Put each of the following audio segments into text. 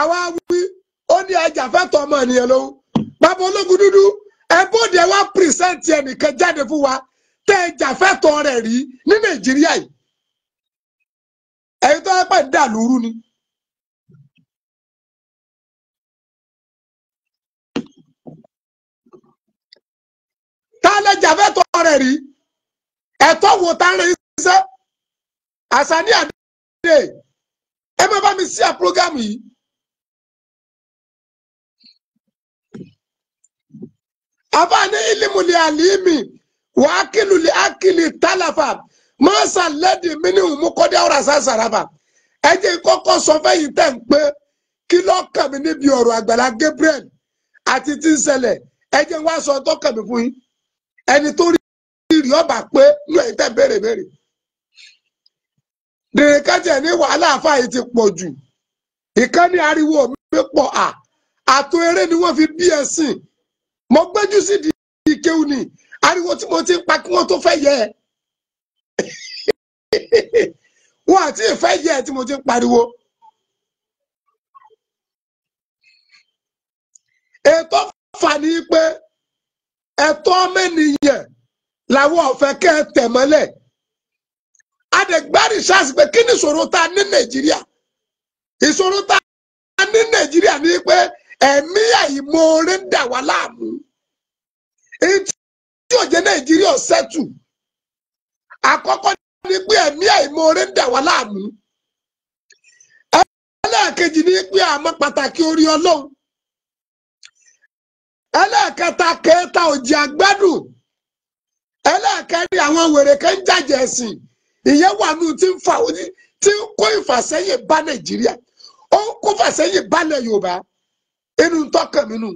àwa wí ó ní ajàfẹ́tọ̀ ọmọ ènìyàn lòun bàbá ológun dúdú ẹ bóde wá pírísẹ́ǹtì ẹnìkan jáde fún wa tẹ́ ẹ jàfẹ́tọ̀ rẹ̀ rí ní nàìjíríà yìí ẹ̀yin tó yẹ pẹ̀ dà lóru ni. tá a lè jàfẹ́tọ̀ rẹ̀ rí ẹ̀tọ́ wo tá a ṣiṣẹ́ àṣà ní àdéhùn ẹ má bá mi sí à program yìí. àbáni ilimuli alimi wàákìlùlì akili tálàfà mọ́sà lẹ́dí maasa mukọ́dé ọ̀rọ̀ àṣàṣàràbà ẹ jẹ́ kọ́kọ́ sọ fẹ́yìí tẹ̀ ń pé kí ló kàn mí níbi ọ̀rọ̀ àgbàlá Gabriel àti tí ń ṣẹlẹ̀ ẹ jẹ́ wá sọ tó kàn mí fún yín ẹni tó rí rí ọba pé ní ẹ̀yìn tẹ́ béèrè béèrè dèrèkẹ́jẹ̀ ní wàhálà àfáàyè ti pọ̀ jù ìkànnì ariwo mi pọ̀ à àtò eré ni wọ́n fi bí ẹ̀sìn mo gbẹ́jú sí di ìkéwù ni ariwo tí mo ti ń pa kí wọ́n tó fẹ́ yẹ ẹ wọn àti ìfẹ́ yẹ ẹ tí mo ti ń pariwo. ètò fà ní pé ẹ̀tọ́ mẹ́nìyàn làwọn ọ̀fẹ́ kẹ́ ẹ tẹ̀ mọ́lẹ̀ adẹ̀gbárí pé kí ni ìṣòro tá ní nàìjíríà ìṣòro tá ní nàìjíríà ni pé. ẹ̀mí àìmoore ń dà wá láàmú tí òjé nàìjíríà ṣẹ́tù àkọ́kọ́ ni pé ẹ̀mí àìmoore ń dà wá láàmú ni pé àmọ́ pàtàkì orí ọlọ́run ẹlẹ́ẹ̀kẹta kẹta òjì àgbádùn ẹlẹ́ẹ̀kẹrin àwọn wèrè kan ń jàjẹ̀ ẹ̀sìn ìyẹn wà nù tí ń fa tí ń kó inú tọkàn mi nù.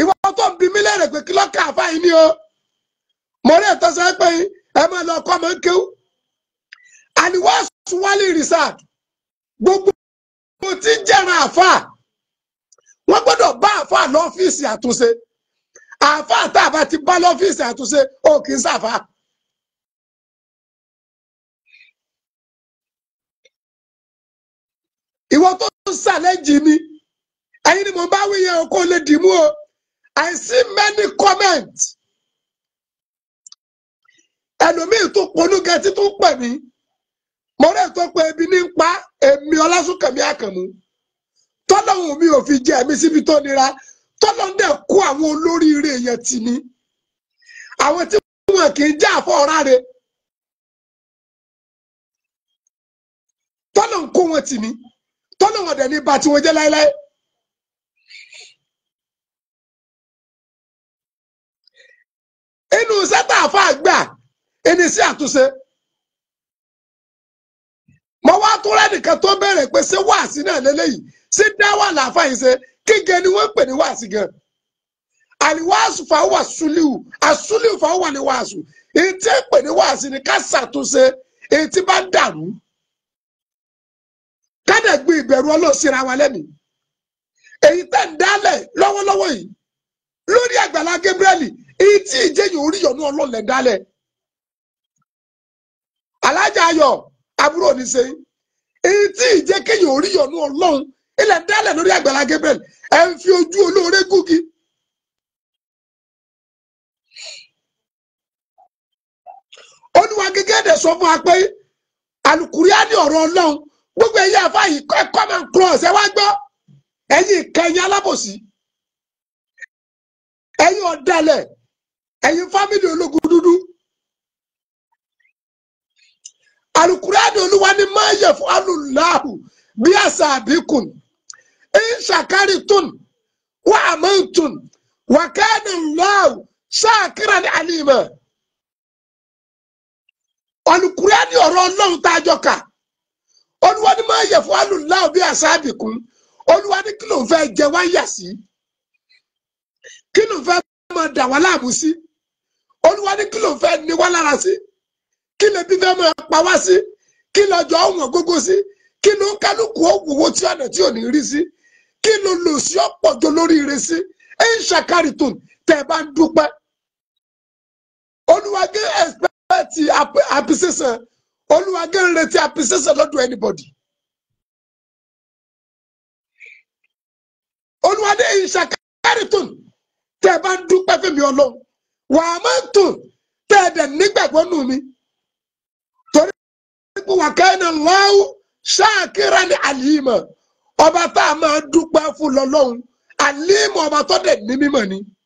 ìwọ tó ń bi mí lẹ́rẹ̀ pé kí lọ́kàn àfáà yìí ni o mo rí ètò sọ pé ẹ máa lọ ọkọ máa ń kéwú àníwá suwálì rìsáàd gbogbo mo ti jẹ́ran àfáà wọ́n gbọ́dọ̀ bá àfáà lọ́fíìsì àtúnṣe àfáà tá a bá ti bá lọ́fíìsì àtúnṣe ó kì í sáfàá. ìwọ tó ń ṣàlẹ́jì ni ẹ̀yin ni mo bá wí yẹn o kò lè dìímú o I see many comments ẹlòmíì tó ponú gẹtí tó pè mí mo rẹ̀ tó pe ebi ní pa èmi ọlásùnkànmí àkànmú tọ́lọ́hún mi ò fi jẹ́ ẹ̀mí síbi tó nira tọ́lọ́hún dẹ̀ kó àwọn olóríire yẹn tì mí àwọn tí wọn kì í já àfọ ọ̀rá re kó wọn tì mí. tọ́nà wọn dẹ̀ ní ba tiwọn jẹ́ láéláé. inú sẹ́tà àfa àgbà ẹni sí àtúnṣe mo wá tún rẹ́nìkan tó bẹ̀rẹ̀ pé ṣé wáàsí náà lélẹ́yìí ṣé dáwà làáfà yìí ṣe ni wọ́n pè ní wáàsí gan àlìwáàsù fàáwà súlíù fàáwà ni wáàsù èyí tí pè ní wáàsí dẹ̀ gbin ìbẹ̀rù Ọlọ́run wa lẹ́nu èyí tẹ̀ ń dálẹ̀ lọ́wọ́lọ́wọ́ yìí lórí àgbàlá Gabriel èyí tí ìjẹyìn orí yọ̀nù Ọlọ́run dálẹ̀ alájà ayọ̀ àbúrò ní èyí tí gbogbo ẹ̀yin àfa yìí ẹ common cross ẹ wá gbọ́ ẹ̀yin ìkẹyìn alábòsí ẹ̀yin fámìlì ológun dúdú alukuraani oluwa ni máa yẹ fún alùláhù bí àṣà àbíkùn ìṣàkárí tún wà àmọ́ntún wà káàdì láàwù ṣáàkìrà ní ọ̀rọ̀ ọlọ́run tá a jọ kà. olúwa ni máa yẹ fún alùlá òbí àsáàbì kún olúwa ni kí ló ń fẹ́ jẹ wá yà sí kí ló ń fẹ́ máa dà wá láàmú sí olúwa ni kí ló ń fẹ́ ní wá lára sí kí lè bí fẹ́ máa pa wá sí kí lọ́jọ́ ọ̀wọ́n gógó sí kí ló ń kálukú òwòwò tí ọ̀nà tí ò ní rí sí kí ló lò sí ọ̀pọ̀ jọ lórí ire sí ẹ̀ ń ṣàkárìtùn tẹ̀ bá ń dúpẹ́ olúwa gé ẹ̀sìpẹ́ẹ̀tì àpèsísàn olúwa gẹ́ ń retí appreciation lọ́dọ̀ anybody. olúwa dé ìṣàkárí tún tẹ́ ẹ bá ń dúpẹ́ fẹ́mi ọlọ́run wàá máa ń tún tẹ́ ẹ dẹ̀ nígbàgbọ́ nù mí torí pé wà kẹ́hìn lọ́wọ́ ṣáàkìrà ní àlìmọ̀ ọba tá a máa dúpẹ́ fún lọ́lọ́run àlìmọ̀ ọba tó dẹ̀ ní mímọ̀ ni. Alima,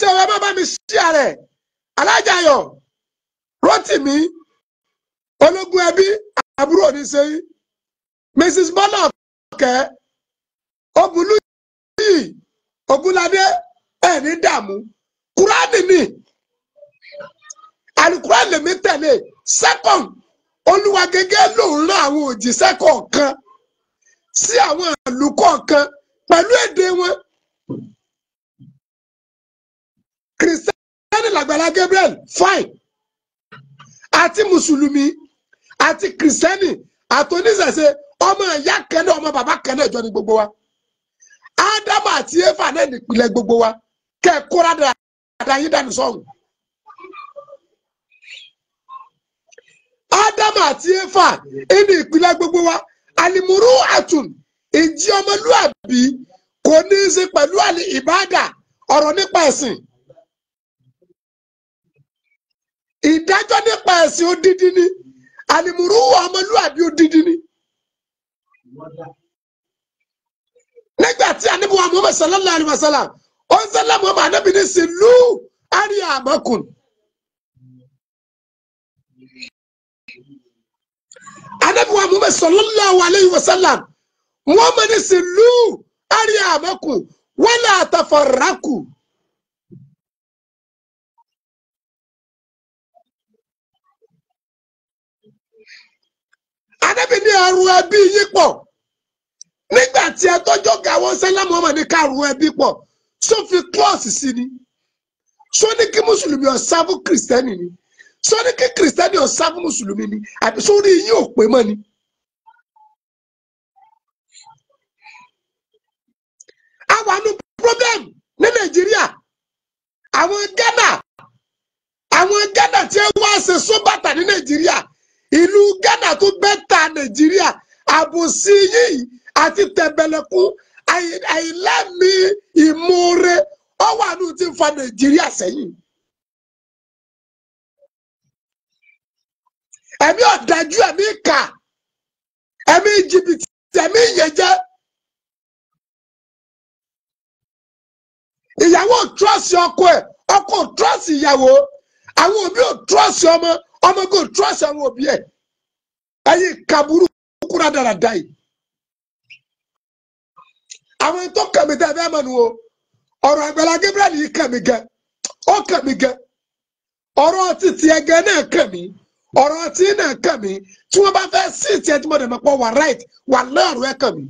ṣe ọ̀rọ̀ bá bá mi ṣí ààrẹ alájàyọ̀ rotimi ológun ẹbí àbúrò ní sẹ́yìn mrs bọ́lá ọ̀kẹ́ obùnú yìí ogunlade ẹ̀ ní dààmú kúránì ni àlùkùránì lèmi tẹ̀lé second olúwa gẹ́gẹ́ lòun rán àwọn òjíṣẹ́ kọ̀ọ̀kan sí àwọn ìlú kọ̀ọ̀kan èdè wọn kìrìsìtẹ́nì làgbàlá Gabriel fine àti mùsùlùmí àti kìrìsìtẹ́nì àtòníṣẹ̀ṣe ọmọ ìyá kan náà ọmọ bàbá kan náà jọ ní gbogbo wa ádámù àti éfà náà nípìnlẹ̀ gbogbo wa kẹ́ ẹ kóra dáadáa yín dànù sọ́hùn. ádámù àti éfà ní ìpìlẹ̀ gbogbo wa alimuru atun ìjí ọmọlúàbí kò ní í ṣe pẹ̀lú àlè ìbáàdà ọ̀rọ̀ nípa ẹ̀sìn. ìdájọ́ nípa ẹ̀sìn odidi ni àlìmùrú ọmọlúwàbí odidi ni. nígbà tí ànábì wa Muhammad sallallahu alaihi wasallam ó ń sẹ́lẹ̀ Muhammad ànábì ní sílù àrí àmọ́kùn. ànábì wa Muhammad sallallahu alaihi wasallam wọ́n mọ̀ ní sílù àrí àmọ́kùn wọ́n lè àtàfọ̀ràkù. Ànábì ní ẹrù ẹbí yín pọ̀ nígbà tí ẹ tọ́jọ́ ga wọn sẹ́lá Muhammad ní kárù ẹbí pọ̀ tó fi klọ́ọ̀sì sí ni sọ ní kí mùsùlùmí ọ̀sáfù kìrìsìtẹ́nì ni So ní kí kìrìsìtẹ́nì ọ̀sáfù mùsùlùmí ni àbí sọ ní yín ò pé mọ́ ni. àwa ní problem ní Nàìjíríà àwọn Ghana àwọn Ghana tí wọ́n á ṣe sóbàtà ní Nàìjíríà. ìlú Ghana tó bẹ́tà Nàìjíríà àbòsí yìí àti tẹ̀bẹ̀lẹ̀kún àìlẹ́mí ìmoore ọwọ́ àánú ti fa Nàìjíríà sẹ́yìn. ẹ̀mí ọ̀dájú ẹ̀mí ìkà ẹ̀mí jìbìtì ẹ̀mí ìyẹ̀jẹ. ìyàwó trọ́ọ̀sì ọkọ ẹ̀ ọkọ trọ́ọ̀sì ìyàwó àwọn òbí ò trọ́ọ̀sì ọmọ ọmọ god trust àwọn òbí ẹ ẹyí kaburu kúra dáradá yìí àwọn tó kàmí tẹ fẹ́ mọ̀ nù o ọ̀rọ̀ Àgbàlá Gabriel yìí kàmí gẹ ó kàmí gẹ ọ̀rọ̀ títí ẹgẹ náà kàmí ọ̀rọ̀ tí náà kàmí tí wọ́n bá fẹ́ sí ìtì ẹtí mọ̀dẹ̀mọ̀ pọ̀ wà right wà lọ́ọ̀rọ̀ ẹ kàmí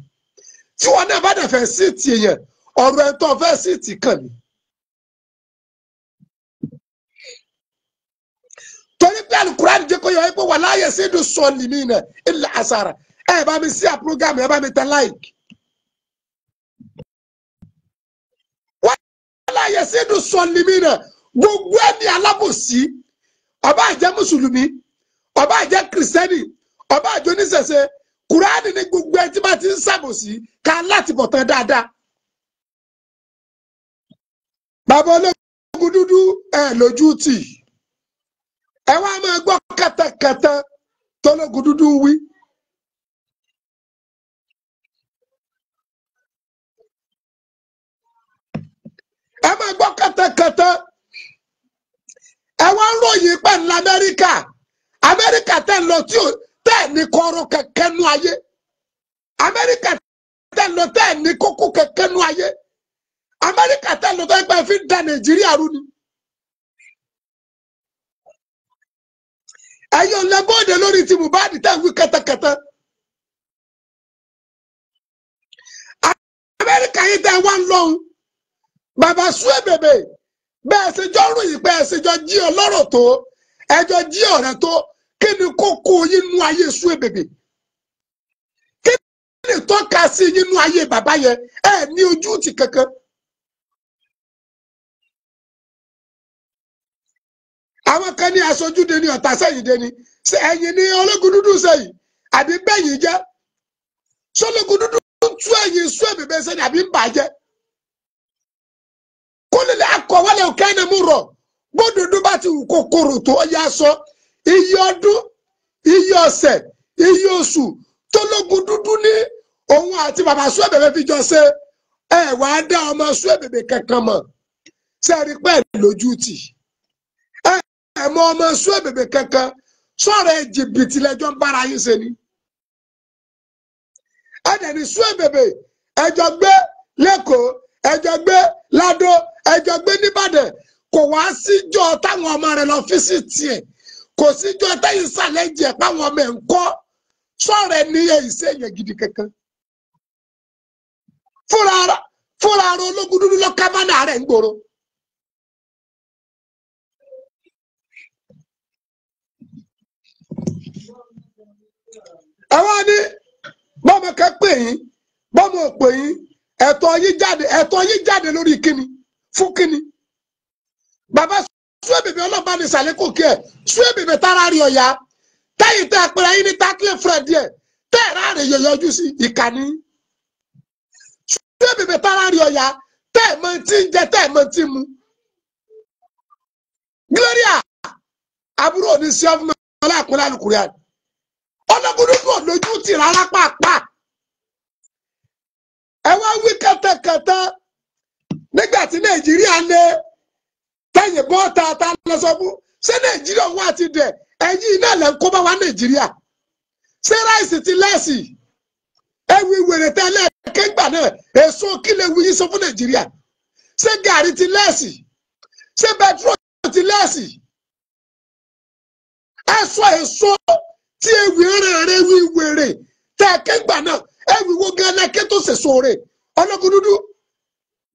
tí wọ́n náà bá dẹ̀ fẹ́ sí ìtì yẹn ọ̀rọ̀ ẹ̀ tó fẹ́ sí ìtì kàmí. torí pé alukurani jẹ́ kó yọ ẹ́ pé wà láàyè sí ìdùn sọ̀lì mí nà ilẹ̀ àṣàrà ẹ bá mi sí à ẹ bá mi tẹ like. wà láàyè sí ìdùn sọ̀lì mí nà gbogbo ẹni alábòsí ọba àjẹ́ mùsùlùmí ọba àjẹ́ kìrìsìtẹ́nì ọba àjọ oníṣẹ̀ṣe kùránì ní gbogbo ẹ tí bá ti ń ṣàbòsí ká láti bọ̀ tán dáadáa. bàbá ológun dúdú ẹ lójú tì í ẹ wá máa gbọ́ kẹtẹkẹtẹ tọ́lógun dúdú wí. ẹ máa gbọ́ kẹtẹkẹtẹ ẹ wá ń ròyìn pẹ̀ ní amẹ́ríkà amẹ́ríkà tẹ̀ lọ tí ò tẹ̀ ní kọ́rọ́ kẹ̀kẹ́ nú ayé amẹ́ríkà tẹ̀ lọ tẹ̀ ní kókó kẹ̀kẹ́ nú ayé amẹ́ríkà tẹ̀ lọ tẹ̀ pẹ́ fi da nàìjíríà rú ni. ẹ̀yin ò lè bóde lórí ti Mohbad tẹ̀ wí kẹtẹkẹtẹ. amẹ́ríkà yìí tẹ̀ wá ń lọ́hùn bàbá sùn èbèbè bẹ́ẹ̀ ṣe jọ ròyìn pé ẹ ṣe jọ jí ọlọ́rọ̀ tó ẹ jọ jí ọ̀rẹ́ tó kí ni kókó yín nú ayé sùn èbèbè kí ni tọ́ka sí yín nú ayé bàbá yẹn ẹ ní ojú ti kankan. àwọn kan ní aṣojúde ní ọ̀tà sẹ́yìndé ni ṣé ẹ̀yìn ní ológun dúdú sẹ́yìn àbí bẹ́yìn jẹ́ sọlọ́gun dúdú tú ẹ̀yìn sún ẹ̀bẹ̀bẹ̀ sẹ́yìn àbí ń bàjẹ́ kólélẹ̀ akọ̀wálẹ̀ òkèèyàn mú rọ̀ gbódòdó bá ti wù kòkòrò tó yá sọ iye ọdún iye ọ̀sẹ̀ iye oṣù tọ́lọ́gun dúdú ní òun àti bàbá sún ẹ̀bẹ̀bẹ̀ fi jọ ṣe ẹ̀ wàá dá ọmọ sún ẹ̀bẹ̀bẹ̀ kankan ẹ̀mọ́ ọmọ sọ ẹ̀bẹ̀bẹ̀ kankan sọ̀rọ̀ jìbìtì lẹ́jọ́ ń bára yín ṣe ni. ẹ̀dẹ̀ni sọ ẹ̀bẹ̀bẹ̀ ẹjọ́ gbé lẹ́kọ̀ọ́ ẹjọ́ gbé ládó ẹjọ́ gbé nìbàdàn kò wá síjọ́ táwọn ọmọ rẹ̀ lọ fi sí tiẹ̀ kò síjọ́ táyì ọmọ gidi kankan. fúnra fúnra ológun dúdú ń àwa ni bọ́mọ kan pè yín bọ́mọ ò pè yín ẹ̀tọ́ yín jáde ẹ̀tọ́ yín jáde lórí kíni fún kíni bàbá sún èbèbè ọlọ́ba ní sàlékò kí ẹ̀ sún èbèbè tára rí ọ̀yà táyì tẹ́ apẹ̀rẹ̀ yín ní tákìlẹ̀ fúrẹ̀ díẹ̀ tẹ́ ẹ̀rá rẹ̀ yẹ yọjú sí ìkànnì sún èbèbè tára rí ọ̀yà tẹ́ ẹ̀ mọ tí ń jẹ tẹ́ ẹ̀ mọ tí ń mu. Gloria àbúrò ní sí ọ́fíìmọ̀ ọlá àkúnlá lùkùrẹ́ àdì ọlọ́gùnrúgbò lójú tì rárá pàápàá ẹ wá wí kẹtẹkẹtẹ nígbà tí nàìjíríà lé tẹyìn bọ́ ta ta lọ sọ fún ṣé nàìjíríà wà ti dẹ̀ ẹ̀yìn iná lẹ̀ ń kó bá wa nàìjíríà ṣé ráìsì ti lẹ́sì ewu ìwèrè tẹ́lẹ̀ kéńgbà náà èso kílẹ̀ ewu yìí sọ fún nàìjíríà ṣé gàrí ti lẹ́sì ṣé bẹtiró ti lẹ́sì ẹ sọ èso tí ewì ẹran rẹ wí wèrè tẹ gbà náà ewì wo gan lẹkẹ tó ṣèṣọ rẹ dúdú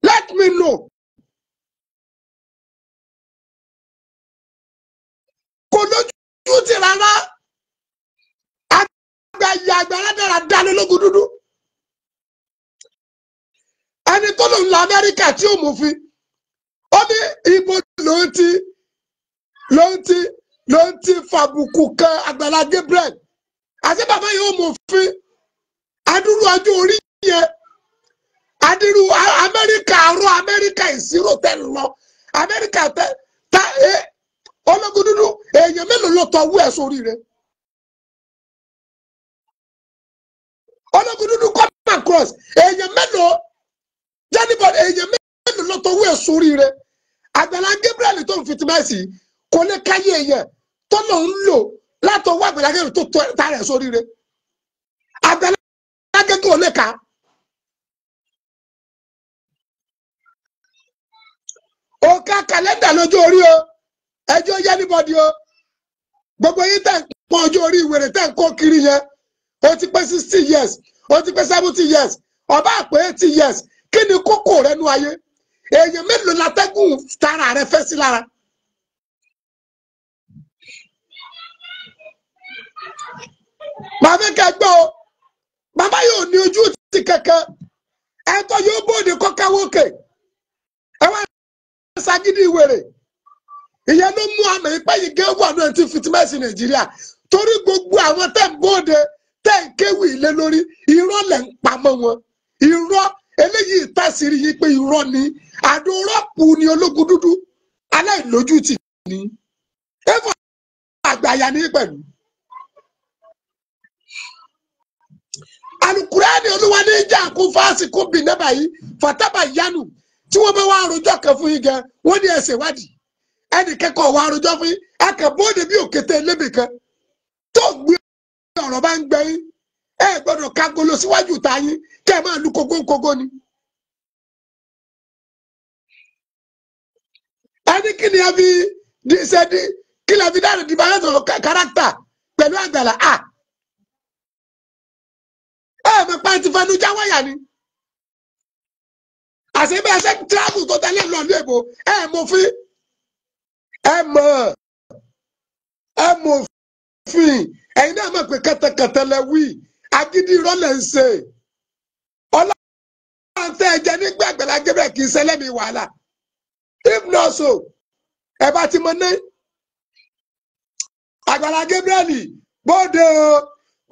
let me know. kò lójú ti rárá àgbàyà àgbàrá dára dáná lógun dúdú ẹni tó lòun la Amẹ́ríkà tí ò mú fi ó ní ibo lòun ti lòun ti. ló ń ti fàbùkù kan Àgbàlá Gabriel àti bàbá yìí ó mọ òfin adúrú ọjọ́ orí yẹn adúrú Amẹ́ríkà àrò Amẹ́ríkà ìṣirò tẹ lọ Amẹ́ríkà tẹ ta ẹ ológun dúdú èèyàn mélòó ló tọ wú ẹ sórí rẹ ológun dúdú come across èèyàn mélòó jẹ́nìbọ̀ èèyàn mélòó ló tọ wú ẹ sórí rẹ Àgbàlá Gabriel tó ń fitimẹ́sì kò lè káyé èèyàn tọ́nà ń lò látọwọ́ àgbẹ̀lágẹ́rù tó ta rẹ̀ sóríire àgbẹ̀lágẹ́gẹ́ ò lè kà á. òǹkà kàlẹ́ndà lọ́jọ́ orí o ẹjọ́ yẹ́ níbọ̀dì o gbogbo yín tẹ̀ ń pọ̀ ọjọ́ orí ìwèrè tẹ̀ ń kó kiri yẹn o ti pé sixty years o ti pé seventy years ọba àpè eighty years kí ni kókó rẹ nú ayé èèyàn mélòó latẹ́gùn tara rẹ fẹ́ sí lára. màá fẹ́ kẹ́ gbọ́ o bàbá yóò ní ojú ti kankan ẹ̀tọ́ yóò bóde kọ́káwókè ẹ wá ṣagídí ìwèrè ìyẹn ló mú àmì ìpẹ́ yìí gé wà náà ti fìtìmẹ́sì nàìjíríà torí gbogbo àwọn tẹ́ ń bóde tẹ́ ń kéwì ilé lórí irọ́ lẹ̀ ń pamọ́ wọn irọ́ eléyìí tàṣírí yìí pé irọ́ ni àdó rọ́pù ni ológun dúdú aláìlójútì ni ẹ̀fọ́ àgbàyà ní pẹ̀lú. alukurani olúwa ní ìjà kú fáàsì kú bì nẹ́bà yìí fataba yanu tí wọ́n bá wá àròjọ kan fún yín gan wọ́n ní ẹsẹ̀ ìwádìí ẹnì kẹ́kọ̀ọ́ wá àròjọ fún yín ẹ kàn bóde bí òkété ẹlẹ́bì kan tó gbé ọ̀rọ̀ bá ń gbẹ yín ẹ gbọ́dọ̀ kagolo síwájú ta yín kẹ́ ẹ máa lu kogóńkogó ni. ẹni kí ni ẹ fi ṣe kí ni ẹ fi dáàbò dìbò ayé sọ̀rọ̀ káràkítà pẹ̀lú àgbàlá ah mọ̀ pé ti fẹnu já wáyà ni àṣẹ bẹ́ẹ̀ ṣe tíráàbù tó tẹ́lẹ̀ lọ ní èbó ẹ mọ̀ fi ẹ mọ̀ ẹ mọ̀ fi ẹ̀yin náà mọ̀ pé kẹtẹkẹtẹ lẹ wí agídí irọ́ lẹ̀ ń ṣe ọlọ́run tẹ́ ẹ nígbà Àgbàlá Gabriel kì í ṣẹlẹ̀ mi wàhálà if not so ẹ bá ti mọ ní Àgbàlá Gabriel bóde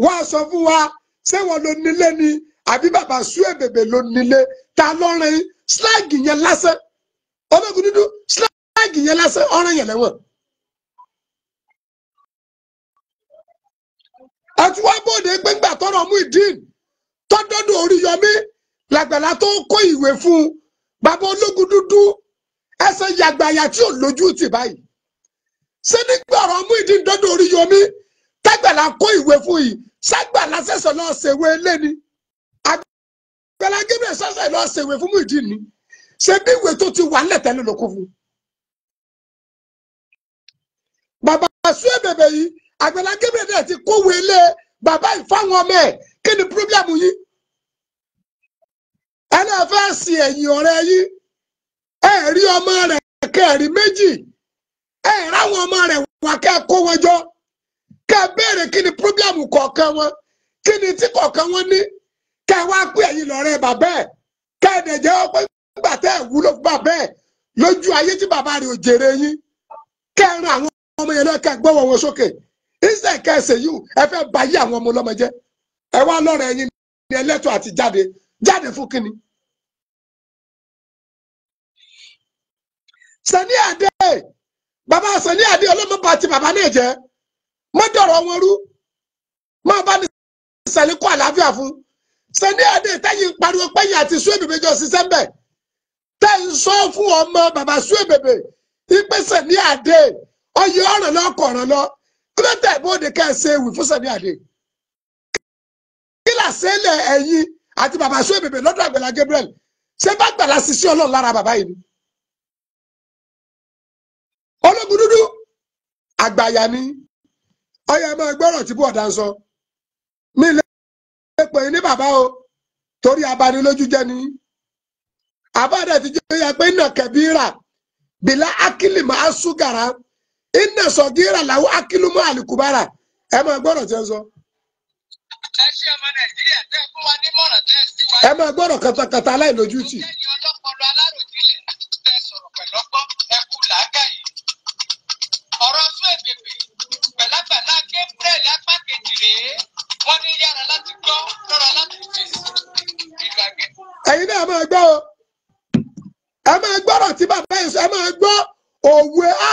wọ́n sọ fún wa ṣé wọn ló nílé ni àbí bàbá sùn èbèbè ló nílé ta lọ́rin sláàgì yẹn lásán ológun dúdú sláàgì yẹn lásán ọ̀ràn yẹn lẹ́wọ̀n. àti wá bóde gbẹ́ngbà tọrọ Muyideen tọ́dọ́dọ̀ Oríyọmí làgbàlá tó ń kó ìwé fún un bàbá ológun dúdú ẹsẹ̀ yàgbàyà tí ò lójú tì báyìí ṣé nígbà ọ̀rọ̀ Muyideen dọ́dọ̀ Oríyọmí tàgbàlá kó ìwé fún yìí ṣàgbà lásẹ̀sọ̀ lọ́ọ́ ṣèwé lẹ́ni Àgbàlá Gabriel sọ́sẹ̀ lọ́ọ́ ṣèwé fún Muyideen ni ṣe bí ìwé tó ti wà nílẹ̀ tẹ́lẹ̀ lóko fún. bàbá sún ẹ̀bẹ̀bẹ̀ yìí Àgbàlá Gabriel náà ti kówó ilé bàbá ìfáwọn ọmọ ẹ̀ kí ni pírọ́blẹ́mù yìí. ẹ náà fẹ́ sin yìí ẹ rí ọmọ rẹ̀ kẹ́ẹ̀rí méjì ẹ ráwọn ọmọ rẹ̀ wà kẹ́ẹ̀ kó ká béèrè kí ni pírọ́blẹ́mù kọ̀ọ̀kan wọn kí ni tí kọ̀ọ̀kan wọn ní ká wá pé ẹ̀yin lọ́rẹ́ bàbá ẹ̀ ká ẹ̀dẹ̀ jẹ́ ọpẹ́ gbà tẹ́ ẹ̀ wúlò fún bàbá ẹ̀ lójú ayé tí bàbá rẹ̀ ò jèrè yín ká ran àwọn ọmọ yẹn náà ká gbọ́wọ́ wọn sókè ìṣe kẹsẹ̀ yìí ẹ fẹ́ bà yí àwọn ọmọ ọlọ́mọ ẹ wá lọ́rọ̀ ẹ̀yin ní ẹlẹ́tọ̀ àti jáde jáde fún kínni. Sani Ade bàbá Sani Ade ọlọ́mọ bá ti bàbá náà jẹ́ mọ́jọ̀rọ̀ wọn rú máa bá ní sẹ́lẹ̀ kó àlàáfíà fún sẹ́ni àdé tẹ́yìn pariwo pẹ́yìn àti Suebebe jọ ṣiṣẹ́ mbẹ̀ tẹ́ ń sọ fún ọmọ bàbá Suebebe ipe sẹ́ni àdé ọyẹ ọ̀ràn lọ kọ̀ọ̀ràn lọ kílódé ìbòde kẹ́ ẹ ṣe ewì fún sẹ́ni àdé kí làṣẹ́lẹ̀ ẹ̀yìn àti bàbá Suebebe lọ́dọ̀ Àgbàlá Gabriel ṣé bá gbàlá ṣiṣẹ́ ọlọ́run lára bàbá yìí ni ológun dúdú àgbàyà ni. ọyọ máa gbọ́rọ̀ ti bọ̀dá ń sọ mí lè pè ní bàbá o torí abanilójú ni àbádẹ ti jẹ́ ya pé iná kẹbíra bìlá akílì máa súgàrà iná sọgíra làwọn akílù mọ àlùkùbára ẹ máa gbọ́rọ̀ tí ń sọ. ẹ ṣe ọmọ wa katakata aláìlójútì. ó wọ́n ní yára láti gbọ́ lọ́ra láti fèsì ìlú àgbẹ̀. náà máa gbọ́ o ẹ máa gbọ́rọ̀ tí bàbá yìí sọ ẹ máa gbọ́ òwe a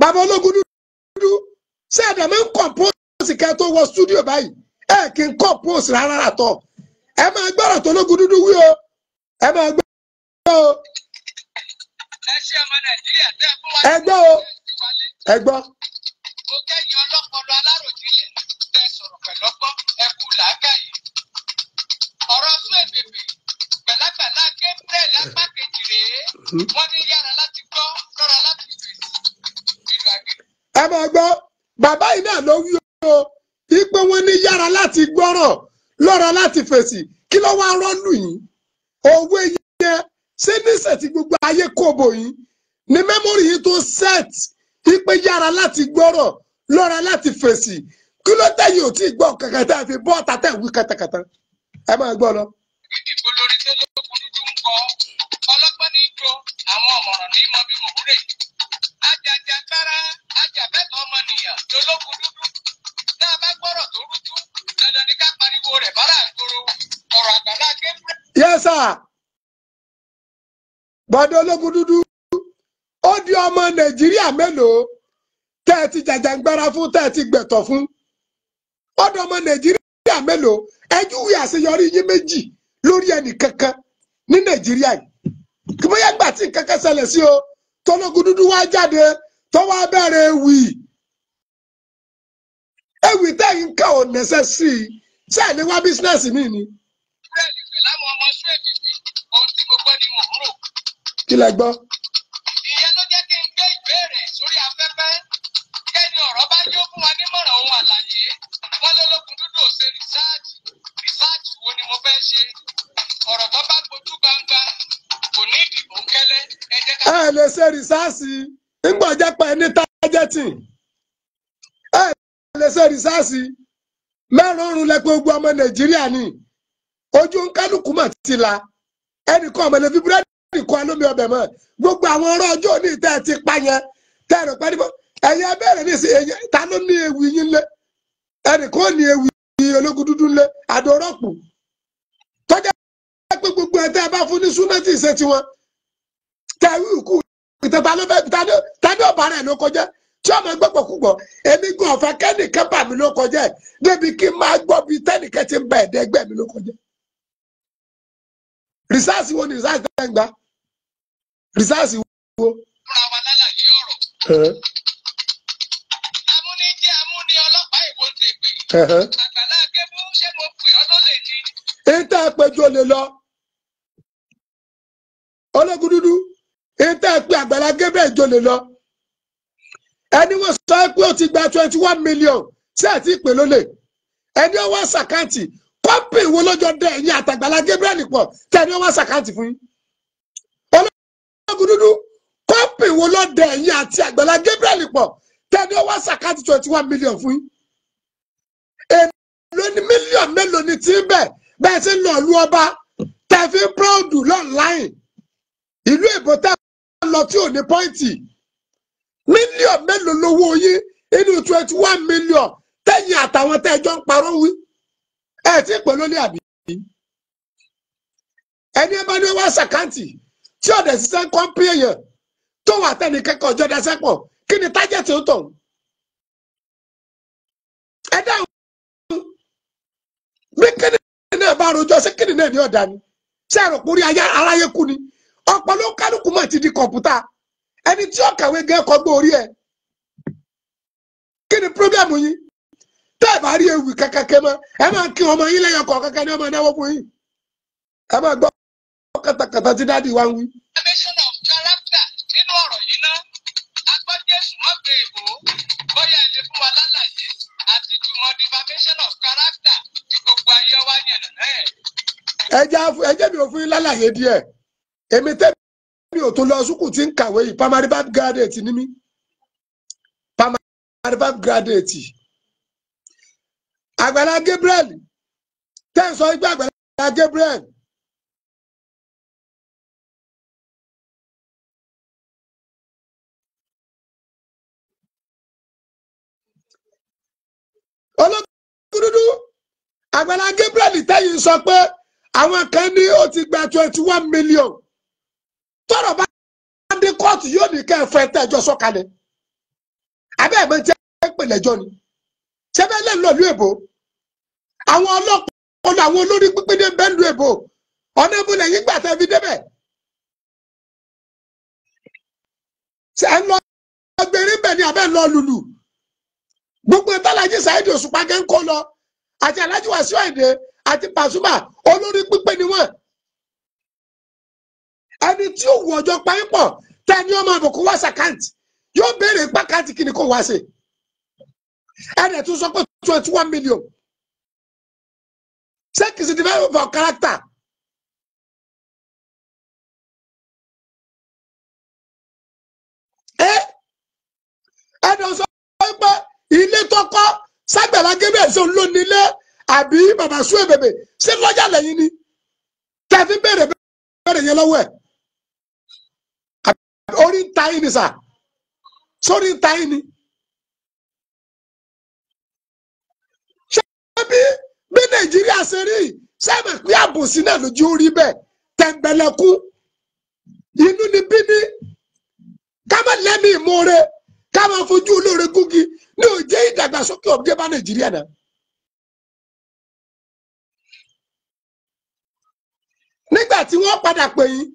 bàbá ológun dúdú ṣé ẹ̀dá máa ń kọ̀ǹpóòsì kẹ́ tó wọ stúdíò báyìí ẹ kì í kọ̀ǹpóòsì rárá àtọ̀ ẹ máa gbọ́rọ̀ tó ológun dúdú wí o ẹ máa gbọ́ o. ẹ ṣe ọmọ nàìjíríà tẹ́ fún wa. ẹ gbọ́ o ẹ gbọ́. mo kẹ́yìn ọlọ́pọ̀lọ́ aláròjọ làákàyè ọ̀rọ̀ fúlẹ̀bèbè pẹ̀lápẹ̀lá Gabriel apá kejì rèé hmm. wọ́n ní yára láti gbọ́ lọ́ra láti fèsì ìlú àgbẹ̀. ẹ máa gbọ́ bàbá yìí náà ló wí o wípé wọ́n ní yára láti gbọ́rọ̀ lọ́ra láti fèsì kí ló wá rọ́ọ̀lù yìí òwe yẹn ṣé níṣẹ́ tí gbogbo ayé kòbò yìí ni mẹ́mórì yìí tó set wípé yára láti gbọ́rọ̀ lọ́ra láti fèsì kí ló tẹ̀yìn ò tí ì gbọ́ kankan tẹ́ ẹ fi bọ́ ọ̀tá wí kẹtẹkẹtẹ ẹ máa gbọ́ lọ. ìdìbò lórí tẹ́lẹ̀ burú tó ń bọ ọlọ́pàá ní jo àwọn ọ̀mọ̀ràn ní mọ́bí mòwúrè ajàjàgbára ajàbẹ́tọ̀ ọmọnìyàn lólógun dúdú tá bá gbọ́rọ̀ tó rújú dandan ni ká pariwo rẹ̀ bára àgbòrò ọ̀rọ̀ àgbàlá gẹ́gbẹ́. yẹ́sà ológun dúdú ó di ọmọ nàìjíríà mélòó tẹ́ ẹ ti jàjàgbára fún tẹ́ ẹ ti gbẹ̀tọ̀ fún. ọ̀dọ̀ ọmọ nàìjíríà mélòó ẹjúwe àṣeyọrí yín méjì lórí ẹnì kankan ní nàìjíríà yìí kí bóyá gbà tí nǹkan kan ṣẹlẹ̀ sí o tọ́lọ́gùn dúdú wá jáde tọ́wọ́ abẹ́rẹ́ ewì ewì tẹ́yìn ká ò nẹ́sẹ̀ sí i ṣé ẹ̀ wá bísínẹ́sì mi ni. kí lẹ gbọ́. ọ̀rọ̀ tó bá gbojú gbangba kò ní ìdìbò kẹ́lẹ́ ẹ jẹ́ ká. ẹ lè ṣe rìsáàsì nígbà jẹ́ pé ní tájẹ́tì ẹ lè ṣe rìsáàsì mẹ́rọ̀ọ́rùn lẹ́pẹ́ ogun ọmọ nàìjíríà ni ojú ń kálukú mà ti la ẹnìkan ọmọ lè fi búrẹ́dì kọ́ lómi ọbẹ̀ mọ́ gbogbo àwọn ọ̀rọ̀ ọjọ́ òní tẹ́ ẹ ti pa yẹn tẹ́ ẹ rò pẹ́ níbo ẹ̀yin abẹ́rẹ́ ní sí ẹ̀yẹ ta ló ní ewì yín lé ẹnìkan ní ewì ológun dúdú lé àdó rọ́pù gbogbo ẹ̀ tẹ́ ẹ bá fún ní súná tí ì ṣe tiwọn tẹ ìkú ìtẹ̀tà ló bẹ́ẹ̀ tani ọ̀bà rẹ̀ ló kọjá tí ọmọ gbọ́gbọ̀ kúgbọ̀ èmi gan ọ̀fẹ́ kẹ́nìkan bà mí ló kọjá débi kí n máa gbọ́ bí tẹ́nìkan ti ń bá ẹ̀dẹ́ ẹgbẹ́ mi ló kọjá. rìsáàsì wo ni rìsáàsì tẹ́ ń gbà rìsáàsì wo. ètò àpéjọ lè lọ ológun dúdú èyí tá a pe Àgbàlá Gabriel ìjọlè lọ ẹni wọ́n sọ pé ó ti gba twenty one million sí àti ìpè lólè ẹni ó wá sàkáǹtì kọ́pì wo lọ́jọ́ dẹ ẹ̀yìn àtàgbàlá Gabriel pọ̀ tẹ̀lé ó wá sàkáǹtì fún yín ológun dúdú kọ́pì wo lọ́dẹ ẹ̀yìn àti Àgbàlá Gabriel pọ̀ tẹ̀lé ó wá sàkáǹtì twenty one million fún yín èlò ní mílíọ̀nù mélòó ni tí ń bẹ̀ bẹ́ẹ̀ sí lọ́ọ̀lù ọba tẹ̀fí proud lọ́ọ̀láyìn ìlú èbó tá a lọ tí ò ní pọ́ìntì mílíọ̀n mélòó lówó yín inú twenty one million tẹ̀yìn àtàwọn tẹ́jọ́ ń parọ́ wí ẹ̀ tí ì pè lórí àbí. ẹni ẹ bá ní wá ṣàkáǹtì tí ọ̀dẹ̀ ṣiṣẹ́ kọ́ńpì èèyàn tó wà tẹ́ni kẹ́kọ̀ọ́ jọ dẹ́sẹ̀ pọ̀ kí ni tájẹ̀tì ń tàn. ẹ dáhùn bí kíni náà bá rojọ́ sí kíni náà ní ọ̀dà ni ṣé àròkùnrin aráyé kú ni ọpọlọ kálukú mọ̀ ti di kọ̀ǹpútà ẹni tí ó kàwé gẹ́ kọgbọ́n orí ẹ̀ kí ni pírọ́gàmù yín tẹ́ ẹ̀ bá rí ewì kẹ́kẹ́kẹ́ mọ́ ẹ máa kí ọmọ yín lẹ́yìn ọkọ̀ kẹ́kẹ́ ní ọmọ náwó fún yín ẹ máa gbọ́ kàtàkàtà tí dáàdi wa ń wí. addition of character nínú ọ̀rọ̀ yìí ná agbọ́jẹ́sù mọ́gbẹ́ èbó bóyá ilé fún wa lálàyé àti ìtumọ̀ defamation of character tí gbogbo ayé wa yẹn nà ẹ̀. ẹ jẹ́ mi ò fún yín lálàyé díẹ̀ èmi tẹ́mi ò tó lọ sùkù tí ń kàwé yìí primary bab graduate ni mí primary bab graduate àgbàlá Gabriel tẹ́ ń sọ igbá àgbàlá Gabriel. olóògùn dúdú àgbàlá Gabriel tẹ́yìn sọ pé àwọn kan ní ó ti gba twenty one million tọ́rọ̀ bá dé kóòtù yóò ní kẹfẹ tẹjọ sọ̀kalẹ̀ abẹ ẹgbẹ jẹ ìpìlẹ̀jọ́ ni sẹbẹlẹ lọlú èbó àwọn ọlọ́pàá ọdọ àwọn olórí pípédé bẹńdù èbó ọdẹ ìbúlẹ yìí gbà tẹbi débẹ̀ ẹ lọ gbẹrin bẹ ni abẹ lọ lùlù gbogbo ìtàlájì Saheed Òṣùpá gẹ ń kó lọ àti Alhaji Wasiu àti Pasuma olórí pípé ni wọn ẹni tí ó wù ọjọ́ pa yín pọ̀ tẹ́ni ọmọ àbùkù wá sàkáǹtì yóò béèrè pákàtì kí ni kò wá sí ẹni ẹ̀ tún sọ pé twenty one million ṣé kìí ṣe develop of character. ẹni ọ̀sán pé ilé tó kọ́ ságbàlá gébé ẹ̀sẹ̀ ló nílé àbí bàbá sùn èbèbè ṣé lọ́jà lẹ́yìn ni tẹ̀fí béèrè béèrè yẹn lọ́wọ́ ẹ̀ orí ń ta yín ni sà sórí ń ta yín ni. ṣé bí bí nàìjíríà ṣe rí sẹ́mi pé àbòsí náà lójú orí bẹ́ẹ̀ tẹ̀m̀bẹ̀lẹ̀kú inú ni bí ní ká má lẹ́mí ìmoore ká má fojú olóore gúngi ní òjé ìdàgbàsókè ọ̀gbẹ́ bá nàìjíríà náà. nígbà tí wọ́n padà pè yín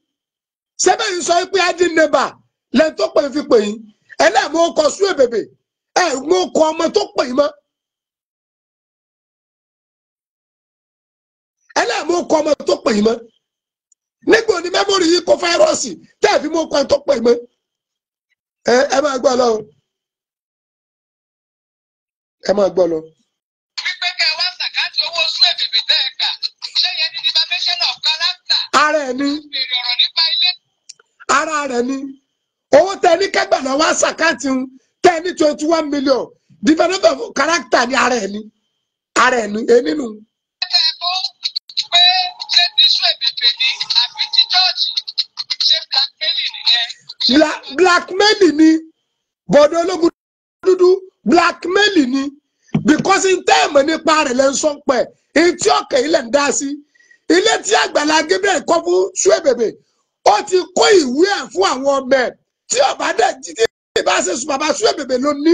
ṣẹ́bẹ̀ yìí sọ pé adi neba lẹ́yìn tó pè é fi pè yín ẹlẹ́mú ọkọ̀ sún èbèbè ẹ̀ mú ọkọ̀ ọmọ tó pè yín mọ́ ẹlẹ́mú ọkọ̀ ọmọ tó pè yín mọ́ nígbò ní mẹ́mórì yìí kó fáírọ́ọ̀sì tẹ́ ẹ̀ fi mú ọkọ̀ tó pè yín mọ́ ẹ ẹ máa gbọ́ lọ ẹ máa gbọ́ lọ. ara ẹ ara rẹ̀ ni owó tẹ ní kẹgbẹ̀nà wá ń tẹ twenty one million develop of character ní ara ẹ̀ ni ara ẹ̀ ni ẹni nù. blackmail ni bọ̀dọ̀ ológun dúdú blackmail ni because n tẹ́ ẹ̀mọ̀ nípa rẹ̀ lẹ́ ń sọ pẹ̀ n tí ọ̀kẹ́ ilẹ̀ ń dá sí ilé tí Àgbàlá Gabriel kọ́ fún Suebebe ó ti kó ìwé ẹ̀ fún àwọn ọmọ ẹ̀ tí ọba dẹ̀ jíde bá ṣe sùn bàbá sùn èbèbè ló ní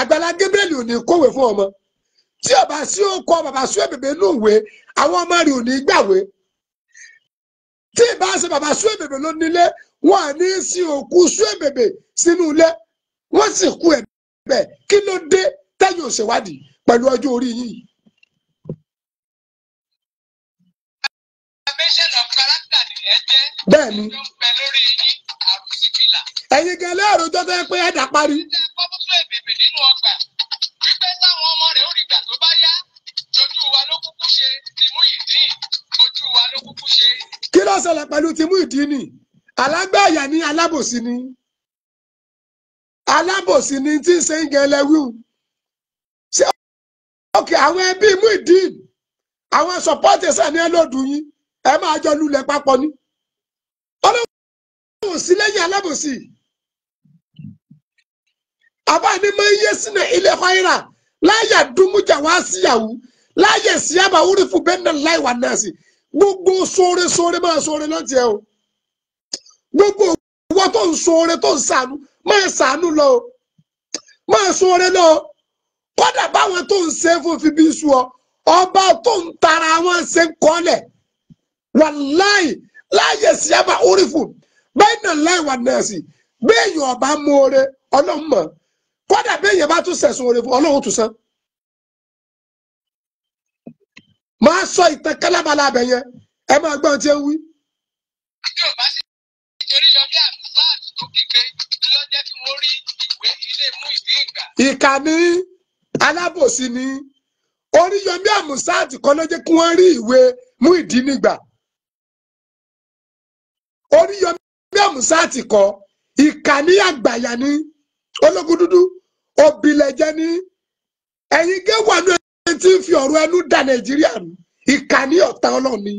àgbàlá Gabriel ò ní kówé fún ọmọ tí ọba sí ó kọ bàbá sùn èbèbè ló wé àwọn ọmọ rẹ̀ ò ní gbàwé tí ìbá ṣe bàbá sùn èbèbè ló nílé wọn à ní sin òkú sùn èbèbè sínú ilé wọn sì kú ẹ̀ bẹ́ẹ̀ kí ló dé tẹ́yìn òṣèwádìí pẹ̀lú ọjọ́ orí yìí. bẹ́ẹ̀ ni ẹ̀yin gan tó fẹ́ pé ẹ̀dà parí. Kí ló ṣẹlẹ̀ pẹ̀lú tìmú ìdín nì? Alágbàyà ni alábòsí ni. Alábòsí ni tí ń ṣe ń gẹlẹ wíwù. Ṣé ọkẹ́ àwọn ẹbí mú ìdín? Àwọn sọ̀pọ́tì sàn ní ẹlòdùn yín. Ẹ máa jọ lulẹ̀ papọ̀ ni alábòsí lẹ́yìn alábòsí àbá ni mo yẹ sínú ilé ọ̀hìnrà láyà dùnmùjà wá síyàwó láyà síyàbà orífù bẹ́ẹ̀nà láì wà náà sí gbogbo sóore sóore máa sóore lọ́tì ẹ̀ o gbogbo owó tó ń sóore tó ń sànú máa sànú lọ o máa sóore lọ o kódà báwọn tó ń ṣe fún fi bí sùn ọ ọba tó ń tara wọn ṣe ń kọ́lẹ̀ wàláì láyà síyàbà orífù bẹ́ẹ̀nà. bẹ́ẹ̀nà láìwà náà sì ọba mọ́ọ́rẹ́ ọlọmọ mọ̀ kódà béèyàn bá tún sẹ̀sùn oore tún máa sọ ìtàn kálábàlà abẹ yẹn ẹ máa gbọ́n tí ń wí. ìkànnì alábòsí ni oríyọmí kan ló jẹ́ kí wọ́n rí ìwé mú ìdí nígbà oríyọmí. bí àmúsá ti kọ ìkànnì àgbàyà ní ológun dúdú òbílẹ̀jẹ̀ ní ẹ̀yin géwàánú ẹni tí fi ọ̀rọ̀ ẹnu dà nàìjíríà nù ìkànnì ọ̀tá ọlọ́run ni.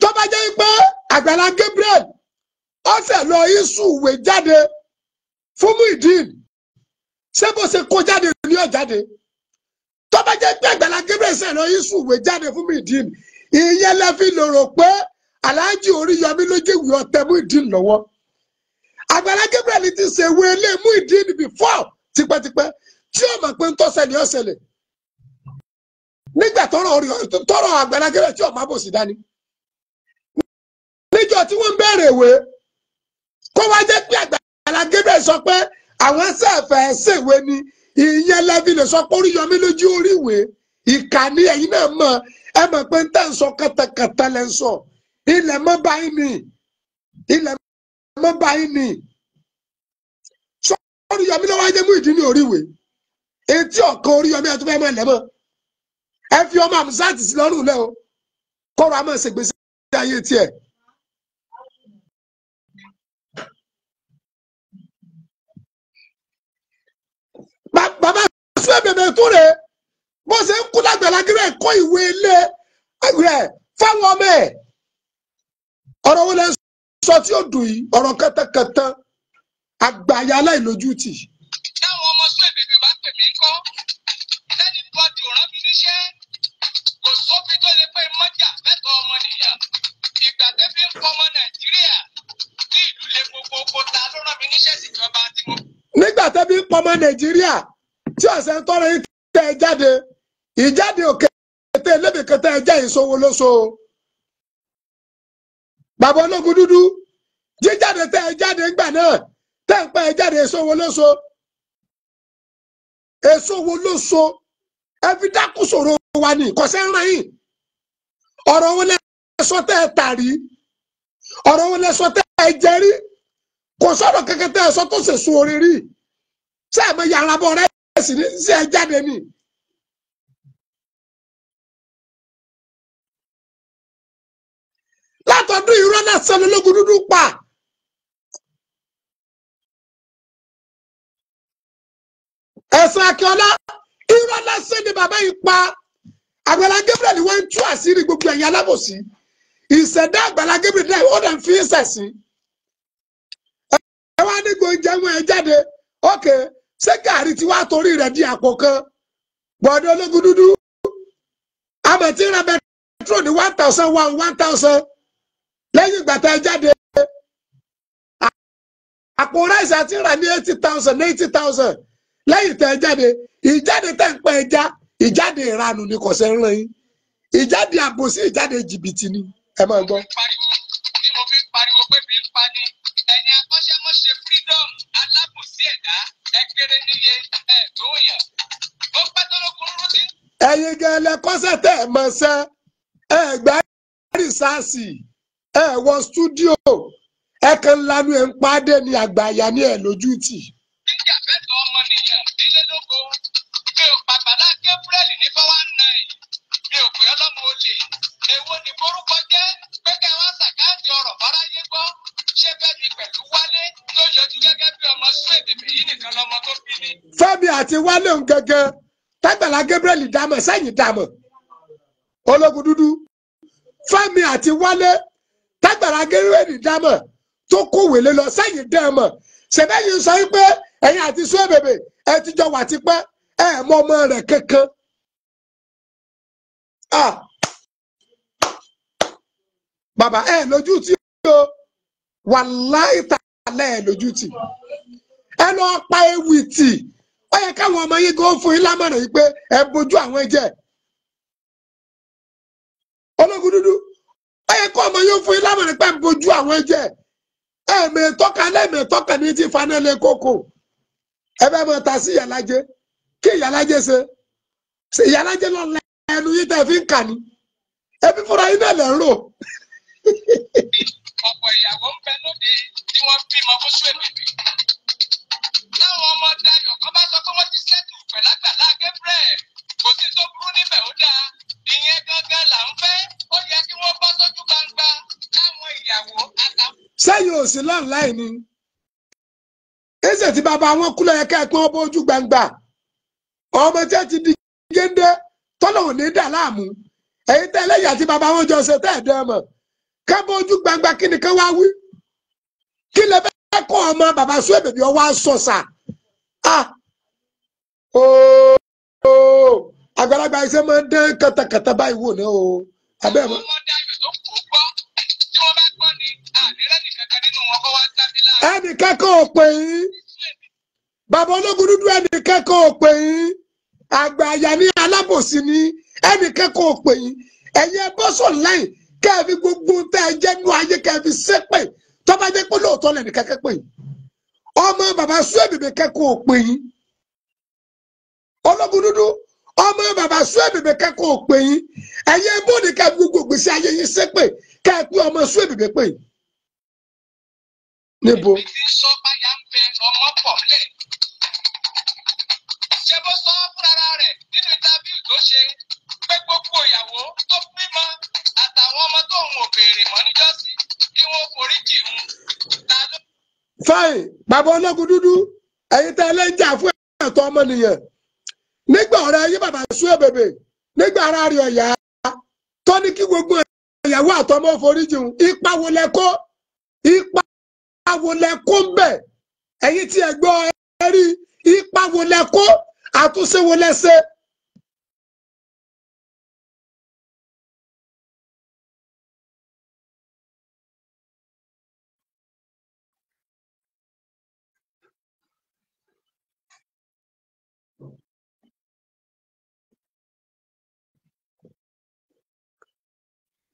tó bá jẹ́ pé àgbàlá Gabriel ọ̀sẹ̀ lọ isu ìwé jáde fún Muideen ṣé bó ṣe kó jáde ní ọ̀jáde tó bá jẹ́ pé àgbàlá Gabriel ṣẹ̀ lọ isu ìwé jáde fún Muideen ìyẹn la fi lò rò pé aláàjì oríyọmí ló jẹwìí ọtẹ Muyideen lọ́wọ́ Àgbàlá Gabriel ti ṣe ewé ilé Muyideen before tipẹ́tipẹ́ tí ó mọ̀ pé ń tọ́sẹ̀ ni ó ṣẹlẹ̀ nígbà tọrọ tọrọ Àgbàlá Gabriel tí ó máa bò sí dání níjọ tí wọ́n ń bẹ̀rẹ̀ ìwé kó wá jẹ́ pé Àgbàlá Gabriel sọ pé àwọn sẹ́ẹ̀fẹ̀ ṣèwé ni ìyẹn lẹ́bi lè sọ pé oríyọmí lójú orí ìwé ìkànnì ẹ̀yin náà mọ̀ ẹ mọ̀ pé ń tẹ̀ ń sọ kẹtẹkẹtẹ lẹ́ ń sọ ilẹ̀ mọ́ báyìí ni ilẹ̀ mọ́ báyìí ni sọ́ọ́rì yọmí lọ́wọ́ ajé mú ìdí ní oríwèé etí ọ̀kan orí yọmí ẹ̀ tó fẹ́ mọ́ ẹ̀ lẹ́mọ́ ẹ fi ọmọ àmúsáàtì sí lọ́rùn lẹ́ o kọ́ra mọ̀ ṣègbèsè ayé tiẹ̀. bàbá sọ́ọ́ bẹ̀bẹ̀ tó rèé bó ṣe ń kú lágbàlá gírẹ̀ kó ìwé ilé rẹ̀ fáwọn ọmọ ẹ̀ ọ̀rọ̀ wo lẹ sọ tí ó dùn yìí ọ̀rọ̀ kẹtẹkẹtẹ àgbáyà aláìlójútì. táwọn ọmọ sọ èdè yorùbá pè kọ́ lẹ́ni bọ́dì ò rán mi níṣẹ́ kò sófin tó lè pé mọ́jà mẹ́tọ́ ọmọnìyàn ìgbà tẹ́fí ń kọ́ ọmọ nàìjíríà ní ìlú lè gbogbogbò ta ló rán mi níṣẹ́ síjọba tí mo. nígbà tẹ́fí ń pọ́ ọmọ nàìjíríà tí ọ̀sẹ̀ ń tọ́ra yín tẹ́ ẹ jáde ìjáde òkè tẹ ẹlẹ́bì kan tẹ ẹjẹ́ ìṣòwò lóṣo bàbá ológun dúdú jíjáde tẹ ẹjáde ńgbà náà tẹ ń pa ẹjáde ìṣòwò lóṣo ìṣòwò lóṣo ẹbí dákú sòro wa ní ìkọsẹ́ ń ràn yín ọ̀rọ̀ wọn lẹ sọ tẹ ẹ tà rí ọ̀rọ̀ wọn lẹ sọ tẹ ẹ jẹ rí kò sọ̀rọ̀ kẹ̀kẹ́ tẹ ẹ sọ tó ṣèṣù orí rí sẹ́ẹ̀ mọ yàrá bọ̀ rẹ̀ sí ẹ jáde nìyí. ọdún irọ́ lásán lológun dúdú pa. ẹ̀sìn akíọ́lá irọ́ lásán ni bàbá yìí pa Àgbàlá Gabriel wọ́n ń tú àṣírí gbogbo ẹ̀yìn alábòsí ìṣẹ̀dá Àgbàlá Gabriel náà ó dàn fi ń sẹ̀sí. ẹ wá ní gbòǹjẹ wọn ẹ jáde ókè ṣé gàrí tí wàá torí rẹ̀ di àpò kan gbọ̀dọ̀ ológun dúdú àbẹ̀tí rẹ̀ bẹ̀rẹ̀ petrol ní one thousand one one thousand lẹ́yìn ìgbà tá a jáde àpò ráìsì àti rà ní eighty thousand eighty thousand lẹ́yìn tẹ́ ẹ jáde ìjáde tẹ́ ń pẹ́ ẹja ìjáde ìranù ni kò ṣe ń ràn yín ìjáde àbòsí ìjáde jìbìtì ni ẹ máa gbọ́. mo fi pariwo pé mi ń pani ẹ̀yin akọ́ṣẹ́mọṣẹ́ freedom alábòsí ẹ̀dá ẹ kéré níye ẹ̀ tó yàn ó pẹ́ tọ́lọ́kùn rúdí ẹ wọ studio ẹ kan lanu ẹ ń pàdé ní àgbà àyà ní ẹ lójú tì. níjà fẹ́tọ̀ ọmọnìyàn nílé mi ò pàpàlà Gabriel ní fọwọ́ náà mi ò pè ọ́ lọ́mọ olè èwo ni forúkọ jẹ́ pé kẹ́ wá sàkáàtì ọ̀rọ̀ fáráyé gbọ́ ṣé Fẹ́mi pẹ̀lú Wálé tó yọjú gẹ́gẹ́ bí ọmọ Suwede èyí nìkan lọmọ tó bí ni. Fẹ́mi àti Wálé ń gẹ́gẹ́ tágbàlá Gabriel dámọ̀ sẹ́yìn dámọ̀ ológun dúdú Fẹ́mi àti Wálé tágbàrá gẹ́rẹ́wẹ̀dì dámọ̀ tó kówé lé lọ sẹ́yìn dẹ́mọ̀ ṣẹ̀bẹ́yìn sọ pé ẹ̀yin àti Suebebe ẹ ti jọ wà tipẹ́ ẹ mọ ọmọ rẹ̀ kankan. bàbá ẹ lójú tí o wàláì tààlà ẹ lójú tì ẹ lọ pa ewì tì ó yẹ káwọn ọmọ yín gan fún yín lámọ̀ràn yìí pé ẹ bójú àwọn jẹ́ ológun dúdú ó yẹ kó ọmọ yóò fún yín lámọ̀ràn pé ń bojú àwọn ẹ̀jẹ̀ ẹ̀ẹ̀mẹ̀ tọ́ka lẹ́ẹ̀mẹ̀ tọ́ka ní ti fanẹ́lẹ̀ kókò ẹ bẹ́ẹ̀ mọ̀ ta sí ìyàlájẹ́ kí ìyàlájẹ́ ṣe ṣe ìyàlájẹ́ lọ la ẹnu yín tẹ́ fi ń kà ní ẹbí fúnra yín náà lẹ́ ń rò. ọ̀pọ̀ ìyàwó ń bẹ lóde tí wọ́n bímọ fún sùwèbèbè táwọn ọmọ dayọ̀ kọ́ bá sọ pé wọ́n ti sẹ́tù pẹ̀lágbàlá ìyẹn gangan là ń fẹ́ ó yẹ kí wọ́n bọ́ sójú gbangba láwọn ìyàwó àtàwọn. sẹ́yìn òsì láǹláì ni ẹsẹ̀ tí bàbá wọn kú lọ́yẹ ká ẹ pé wọ́n bójú gbangba ọmọ tí ẹ ti di géńdé tọ́lọ̀ ò ní dà láàmú ẹ̀yin tẹ́ ẹlẹ́yà tí bàbá wọn jọ ṣe tẹ́ ẹ̀ dán mọ̀ ká bójú gbangba kí ni wá wí kí lè fẹ́ kọ́ ọmọ bàbá sún èbèbí ọwọ́ àṣọ sà ah oh àgbàlagbà iṣẹ́ máa ń dán kàtàkàtà báyìí wò náà o abẹ́ mọ́. ẹnì kẹ́kọ̀ọ́ ò pè yín bàbá ológun dúdú ẹnì kẹ́kọ̀ọ́ ò pè yín àgbà àyà ní alábòsí ní ẹnì kẹ́kọ̀ọ́ ò pè yín ẹ̀yin ẹ bọ́ sọ̀ láì kẹ́ẹ̀fì gbogbo tẹ́ ẹ jẹ́ nú ayé kẹ́ẹ̀fì sépè tó jẹ́ pé lóòótọ́ lẹ́nì kẹ́kẹ́ pè yín ọmọ bàbá sún èbèbè kẹ́kọ̀ọ́ pè yín ológun dúdú ọmọ bàbá Suebebe kẹ́kọ̀ọ́ pé yín ẹ̀yẹ bóde ká gbogbo gbèsè ayé yín ṣépè ká ẹ ọmọ Suebebe pé. níbo. èmi sọ fúnra rẹ̀ nínú tábìlì tó ṣe pé gbogbo ìyàwó tó bímọ àtàwọn ọmọ tó ń òbèrè mọ́ níjọ́sí kí wọ́n forí jì ń bàbá ológun dúdú ẹ̀yin tẹ́ ẹ lẹ́jà fún ẹ̀tọ́ ọmọnìyàn nígbà ọ̀rẹ́ yín bàbá sún èbèbè nígbà ara rẹ̀ ọ̀yà tó ní kí gbogbo ìyàwó àtọmọ foríjìn ipa wo lẹ kó ipa wo lẹ kó ń bẹ ẹ̀yin tí ẹ gbọ́ ẹ rí ipa wo lẹ àtúnṣe wo lẹ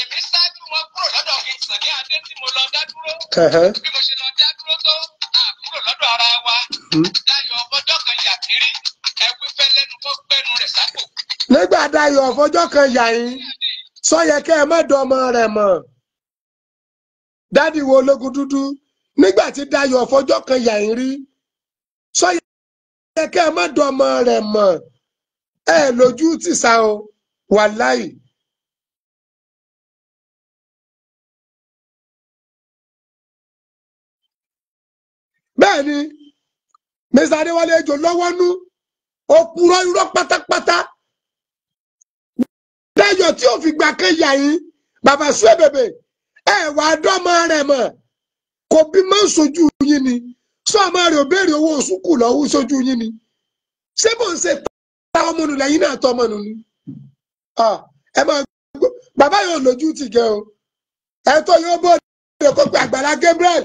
èmi ṣáájú wọn kúrò lọ́dọ̀ mi sàn ní adé tí mo lọ dá dúró bí mo ṣe lọ dá dúró tó àkúrò lọ́dọ̀ ara wa hmm. Dayọ̀ ọfọjọ́ kan yà kiri ẹ̀wí fẹ́ lẹ́nu kó gbẹ́nu rẹ̀ sápò. nígbà Dayọ̀ ọfọjọ́ kan yà yín sọ yẹ kẹ́ ẹ má dọmọ rẹ̀ mọ̀ dádì wo ológun dúdú nígbà tí Dayọ̀ ọfọjọ́ kan yà yín rí sọ yẹ kẹ́ ẹ má dọmọ rẹ̀ mọ̀ ẹ lójú tìṣà o wàláì. bẹ́ẹ̀ ni mr adéwálé ejò lọ́wọ́nú òpùrọ̀ irọ́ pátápátá dáyọ̀ tí ò fi gbà kan yà yín bàbá sùn bèbè ẹ wà á dọ́mọ rẹ̀ mọ̀ kò bí mọ́ sojú yín ni sọ́ọ̀mọ rẹ̀ ò béèrè owó oṣù kù lọ́wọ́ sojú yín ni ṣé mò ń ṣe ta ọmọ nù lẹ́yìn náà tọ́ ọmọ nù ni ẹ máa gbọ́ bàbá yóò lójú ti gẹ o ẹ tó yóò bọ́ ọ̀dọ̀ kó pe Àgbàlá Gabriel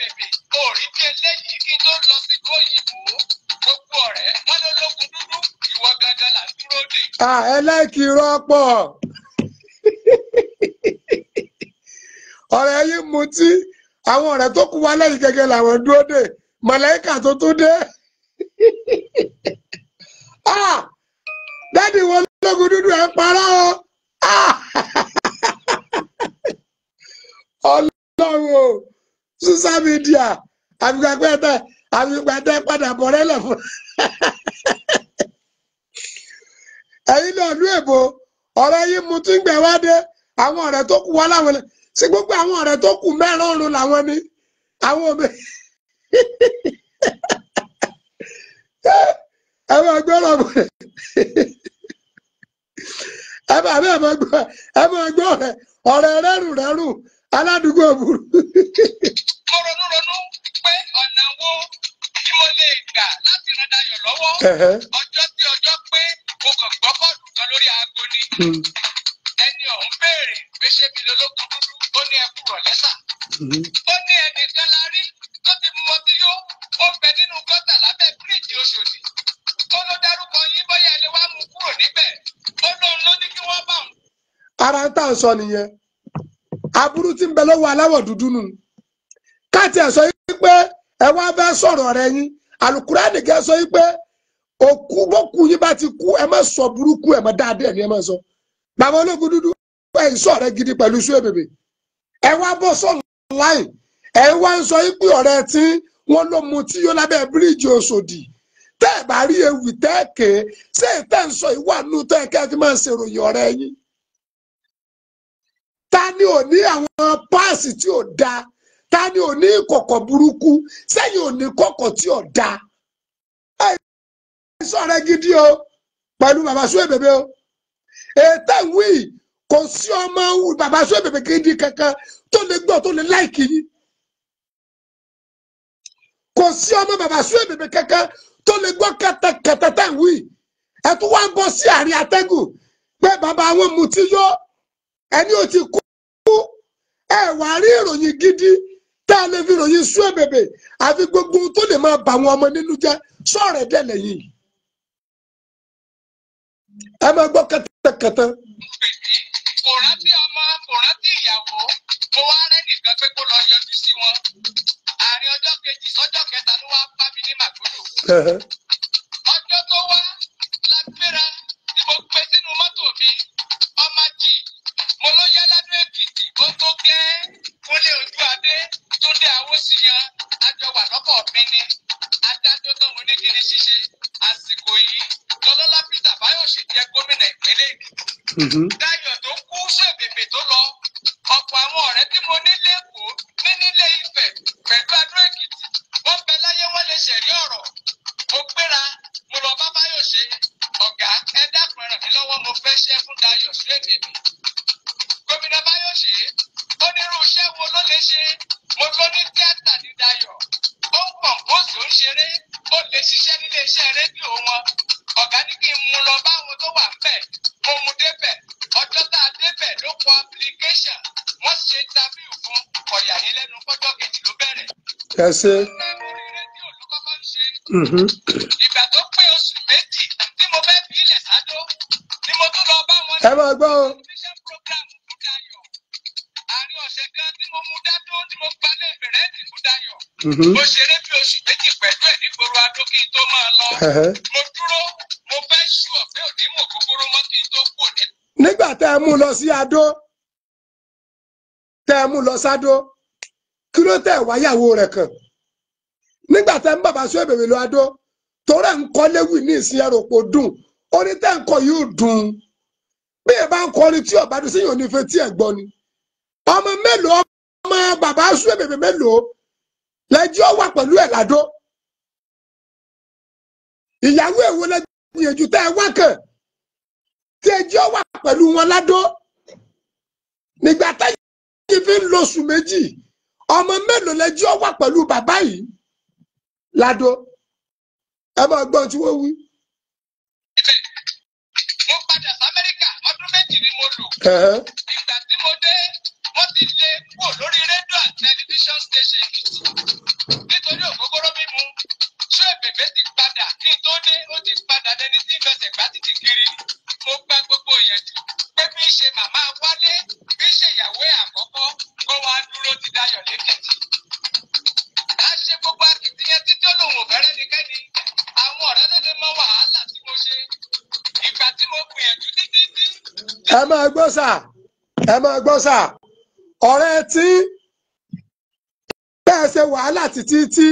bèbè kò rí bí eléyìí kí tó lọ sí kóyìnbó gbogbo ọ̀rẹ́ wọn ló lókun dúdú ìwọ gangan là ń dúró dè. ẹlẹ́kì rọ́pọ̀ ọ̀rẹ́ yìí mutí àwọn ọ̀rẹ́ tó kú wa lẹ́yìn gẹ́gẹ́ làwọn dúró dè mọ̀lẹ́kà tó tún dé. dádì wọn lókun dúdú ẹ̀ parọ́ o. Ọlọ́run o. social media àbígbàgbẹ́ tẹ padà bọ̀rẹ́ lẹ̀ fún ẹ̀yin náà èbó ọ̀rẹ́ yìí mu tí ń wá dé àwọn ọ̀rẹ́ tó kù wá láwọn ẹ̀ sí gbogbo àwọn ọ̀rẹ́ tó kù mẹ́rọ̀ọ̀rùn làwọn ni àwọn òbí ẹ máa gbọ́rọ̀ bọ̀ ẹ máa gbọ́ ọ̀rẹ́ ọ̀rẹ́ rẹ́rù aládùúgbò òbúrú. mo ronú ronú pé ọ̀nà wo tí mo lè gbà láti ran Dayọ̀ lọ́wọ́ ọjọ́ tí ọjọ́ pé mo kàn gbọ́ bọ́ọ̀lù kan lórí aago ni hmm. ẹni ọ̀hún béèrè pé ṣé mi dúdú ó ní ẹkú hmm. ó ní ẹnìkan la rí tó ti mú ọtí yó ó ń bẹ nínú gọ́tà lábẹ́ bíríìjì ló dárúkọ yín bóyá ẹ wá ara ń aburú ti ń bẹ lọ́wọ́ aláwọ̀ dúdú nù káàtì ẹ̀ sọ yìí pé ẹ wá fẹ́ sọ̀rọ̀ rẹ sọ yìí pé òkú bókú yín bá ti kú ẹ má sọ burúkú ẹ má dáadé ẹ ní sọ bàbá dúdú ẹ ń sọ gidi pẹ̀lú iṣu ẹ wá sọ yìí pé ọ̀rẹ́ tí wọ́n ló mu tí lábẹ́ bíríìjì Òṣòdì bá rí ewì tẹ́ẹ̀kẹ́ ń sọ ìwà tẹ́ẹ̀kẹ́ fi ta ni ò ní àwọn páàsì tí ò da ta ni ò ní kọ̀kọ̀ burúkú sẹ́yìn ò ní kọ̀kọ̀ tí ò da ẹ sọ̀rọ̀ gidi o pẹ̀lú bàbá sún èbèbè o ètò ìwé kò sí ọmọ bàbá sún èbèbè gidi kankan tó lè gbọ́ tó lè láìkì yín kò sí ọmọ bàbá sún èbèbè kankan tó lè gbọ́ kẹtẹkẹtẹ tẹ̀ ìwé ẹ̀ tó wá ń bọ́ sí àárín atẹ́gùn pé bàbá àwọn mutí yóò. ẹni ò ti kú ẹ wà ìròyìn gidi tá a lè fi ìròyìn sún ẹ̀bẹ̀bẹ̀ àfi gbogbo tó lè máa bà wọn ọmọ nínú jẹ sọ̀rọ̀ ẹ̀dẹ̀ lẹ́yìn. ẹ máa gbọ́ kẹtẹkẹtẹ. kò rántí ọmọ kò rántí ìyàwó wá nìkan pé kó lọ yọjú wọn àárín ọjọ́ kejì sọ́jọ́ kẹta ló wá bá ọjọ́ tó wá tí mo gbé mo ló yá ládùn èkìtì ó tó gẹ́ kólé ojú adé túndé awòsíyan àjọwà lọ́kọ̀ mi ni adájọ́ tó mo ní kí ni ṣíṣe àsìkò yìí lọ́lọ́lá Peter Fáyọ̀ṣe jẹ́ gómìnà ìpínlẹ̀ Èkó mm-hmm. Dayọ̀ tó kú ṣèbèbè tó lọ ọ̀pọ̀ àwọn ọ̀rẹ́ tí mo ní lẹ́kọ̀ọ́ ní nílé Ifẹ̀ pẹ̀lú adúró èkìtì wọ́n bẹ láyé wọ́n lè ṣẹ̀rí ọ̀rọ̀ mo gbéra mo lọ bá Fáyọ̀ṣe ọ̀gá ẹ dákun ẹ ràn mí lọ́wọ́ mo fẹ́ ṣẹ́ fún Dayọ̀ ṣèbèbè gómìnà Fáyọ̀ṣé ó nírú iṣẹ́ wo ló lè ṣe mo tó ní tíátà ní Dayọ̀ ó ń kọ̀ǹpóòsì ó ń ṣeré ó lè ṣiṣẹ́ nílé iṣẹ́ rédíò wọn ọ̀gá mú lọ bá tó wà bẹ̀ mo mú débẹ̀ ọjọ́ tá a débẹ̀ ló kọ application wọ́n ṣe interview fún ọ̀yà yẹn lẹ́nu fọ́jọ́ kejì ló bẹ̀rẹ̀. ẹ ṣe. Mm-hmm. ìgbà tó pé oṣù méjì tí mo fẹ́ fi ilẹ̀ sádó ni mo tún lọ bá wọn. ẹ máa gbọ́ o. Dayo mm-hmm. mo ṣeré bí oṣù méjì pẹ̀lú ẹ̀ nígboro adó kí n tó máa lọ mo dúró mo fẹ́ ṣú ọ̀fẹ́ òní mò kúkúrú mọ́ kí n tó kú òní. nígbà tẹ ẹ mú lọ sí adó tẹ ẹ mú lọ sádó kí ló tẹ wáyàwó rẹ kàn nígbà tẹ ń bàbá sọ èbèrè lọ adó torí ẹ ń kọ léwu ní ìsìn ẹrọ pò dùn orin tẹ ń kọ yóò dùn bí ẹ bá ń kọ tí ọba sí yòó ní fetí ẹ gbọ́ ni ọmọ mélòó ọmọ bàbá sọ èbèrè mélòó lẹ́jọ́ wà pẹ̀lú ẹ̀ ládó ìyàwó èwo lẹ́jọ́ gbìyànjú tẹ́ ẹ wá kàn tí ẹjọ́ wà pẹ̀lú wọn ládó nígbà táyì fi ń lóṣù méjì ọmọ mélòó lẹ́jọ́ wà pẹ̀lú bàbá yìí ládó ẹ máa gbọ́n tí wọ́n wí. mo padà sí Amẹ́ríkà ọdún méjì ni mo lò ìgbà tí mo dé wọ́n ti lé kúrò lórí rédíò àti tẹlifíṣàn station nítorí ògógóró mímu ṣó èbèbè ti padà kí n tó dé ó ti padà lẹni tí ń fẹsẹ̀ gbá títì kiri mo gba gbogbo yẹn jù pé bí ṣe màmá wálé bí ṣe ìyàwó àkọ́kọ́ kó wá dúró ti dayọ̀ lẹ́kẹ̀tì. a ṣe gbogbo akitiyan títí olóhùn ọ̀fẹ́rẹ́ nìkẹ́ni àwọn ọ̀rẹ́ ló lè mọ wàhálà tí mo ṣe ìgbà tí mo gbìyànjú títí tí. ẹ máa gbọ́ sà ẹ máa gbọ́ sà ọ̀rẹ́ tí bẹ́ẹ̀ ṣe wàhálà títí tí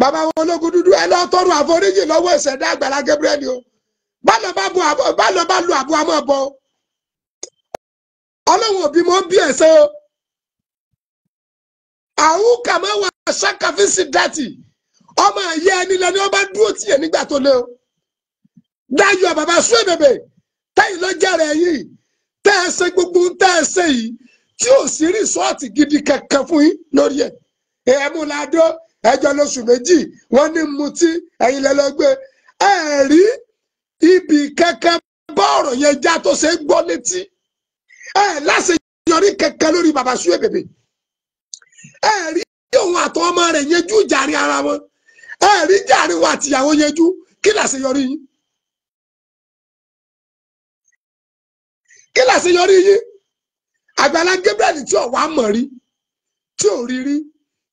bàbá wọn ológun dúdú ẹ lọ tọrọ àforíjì lọ́wọ́ ìṣẹ̀dá Àgbàlá Gabriel o bálọ bá bu àbọ bálọ bá lu àbọ àmọ bọ Ọlọ́run òbí mọ bí ẹsẹ o àwọn kàmá wà ṣàkàfíìsì dátì ọmọ ẹyẹ ẹni lẹni ọba dúró tiẹ̀ nígbà tó lé o dájọ bàbá sún èbèbè táyì lọ jẹrẹ yìí tẹ́ ẹ ṣe gbogbo tẹ́ ẹ ṣe yìí tí ò sí rìsọ́ọ̀tì gidi kankan fún yín lórí ẹ̀ ẹ mú ládó ẹjọ́ lóṣù méjì wọ́n ní mutí ẹ̀yin lẹ́lọ́gbẹ́ ẹ rí ibi kankan bá ọ̀rọ̀ yẹn já tó ṣe gbọ́ létí ẹ láṣeyọrí kankan lórí bàbá Suwe Bebe ẹ rí òun àtọ́ ọmọ rẹ̀ yẹjú jàre ara wọn ẹ rí jàre wọn àtìyàwó yẹjú kí láṣeyọrí yín kí làṣeyọrí yín Àgbàlá Gabriel tí ò wá mọ̀ rí tí ò rí rí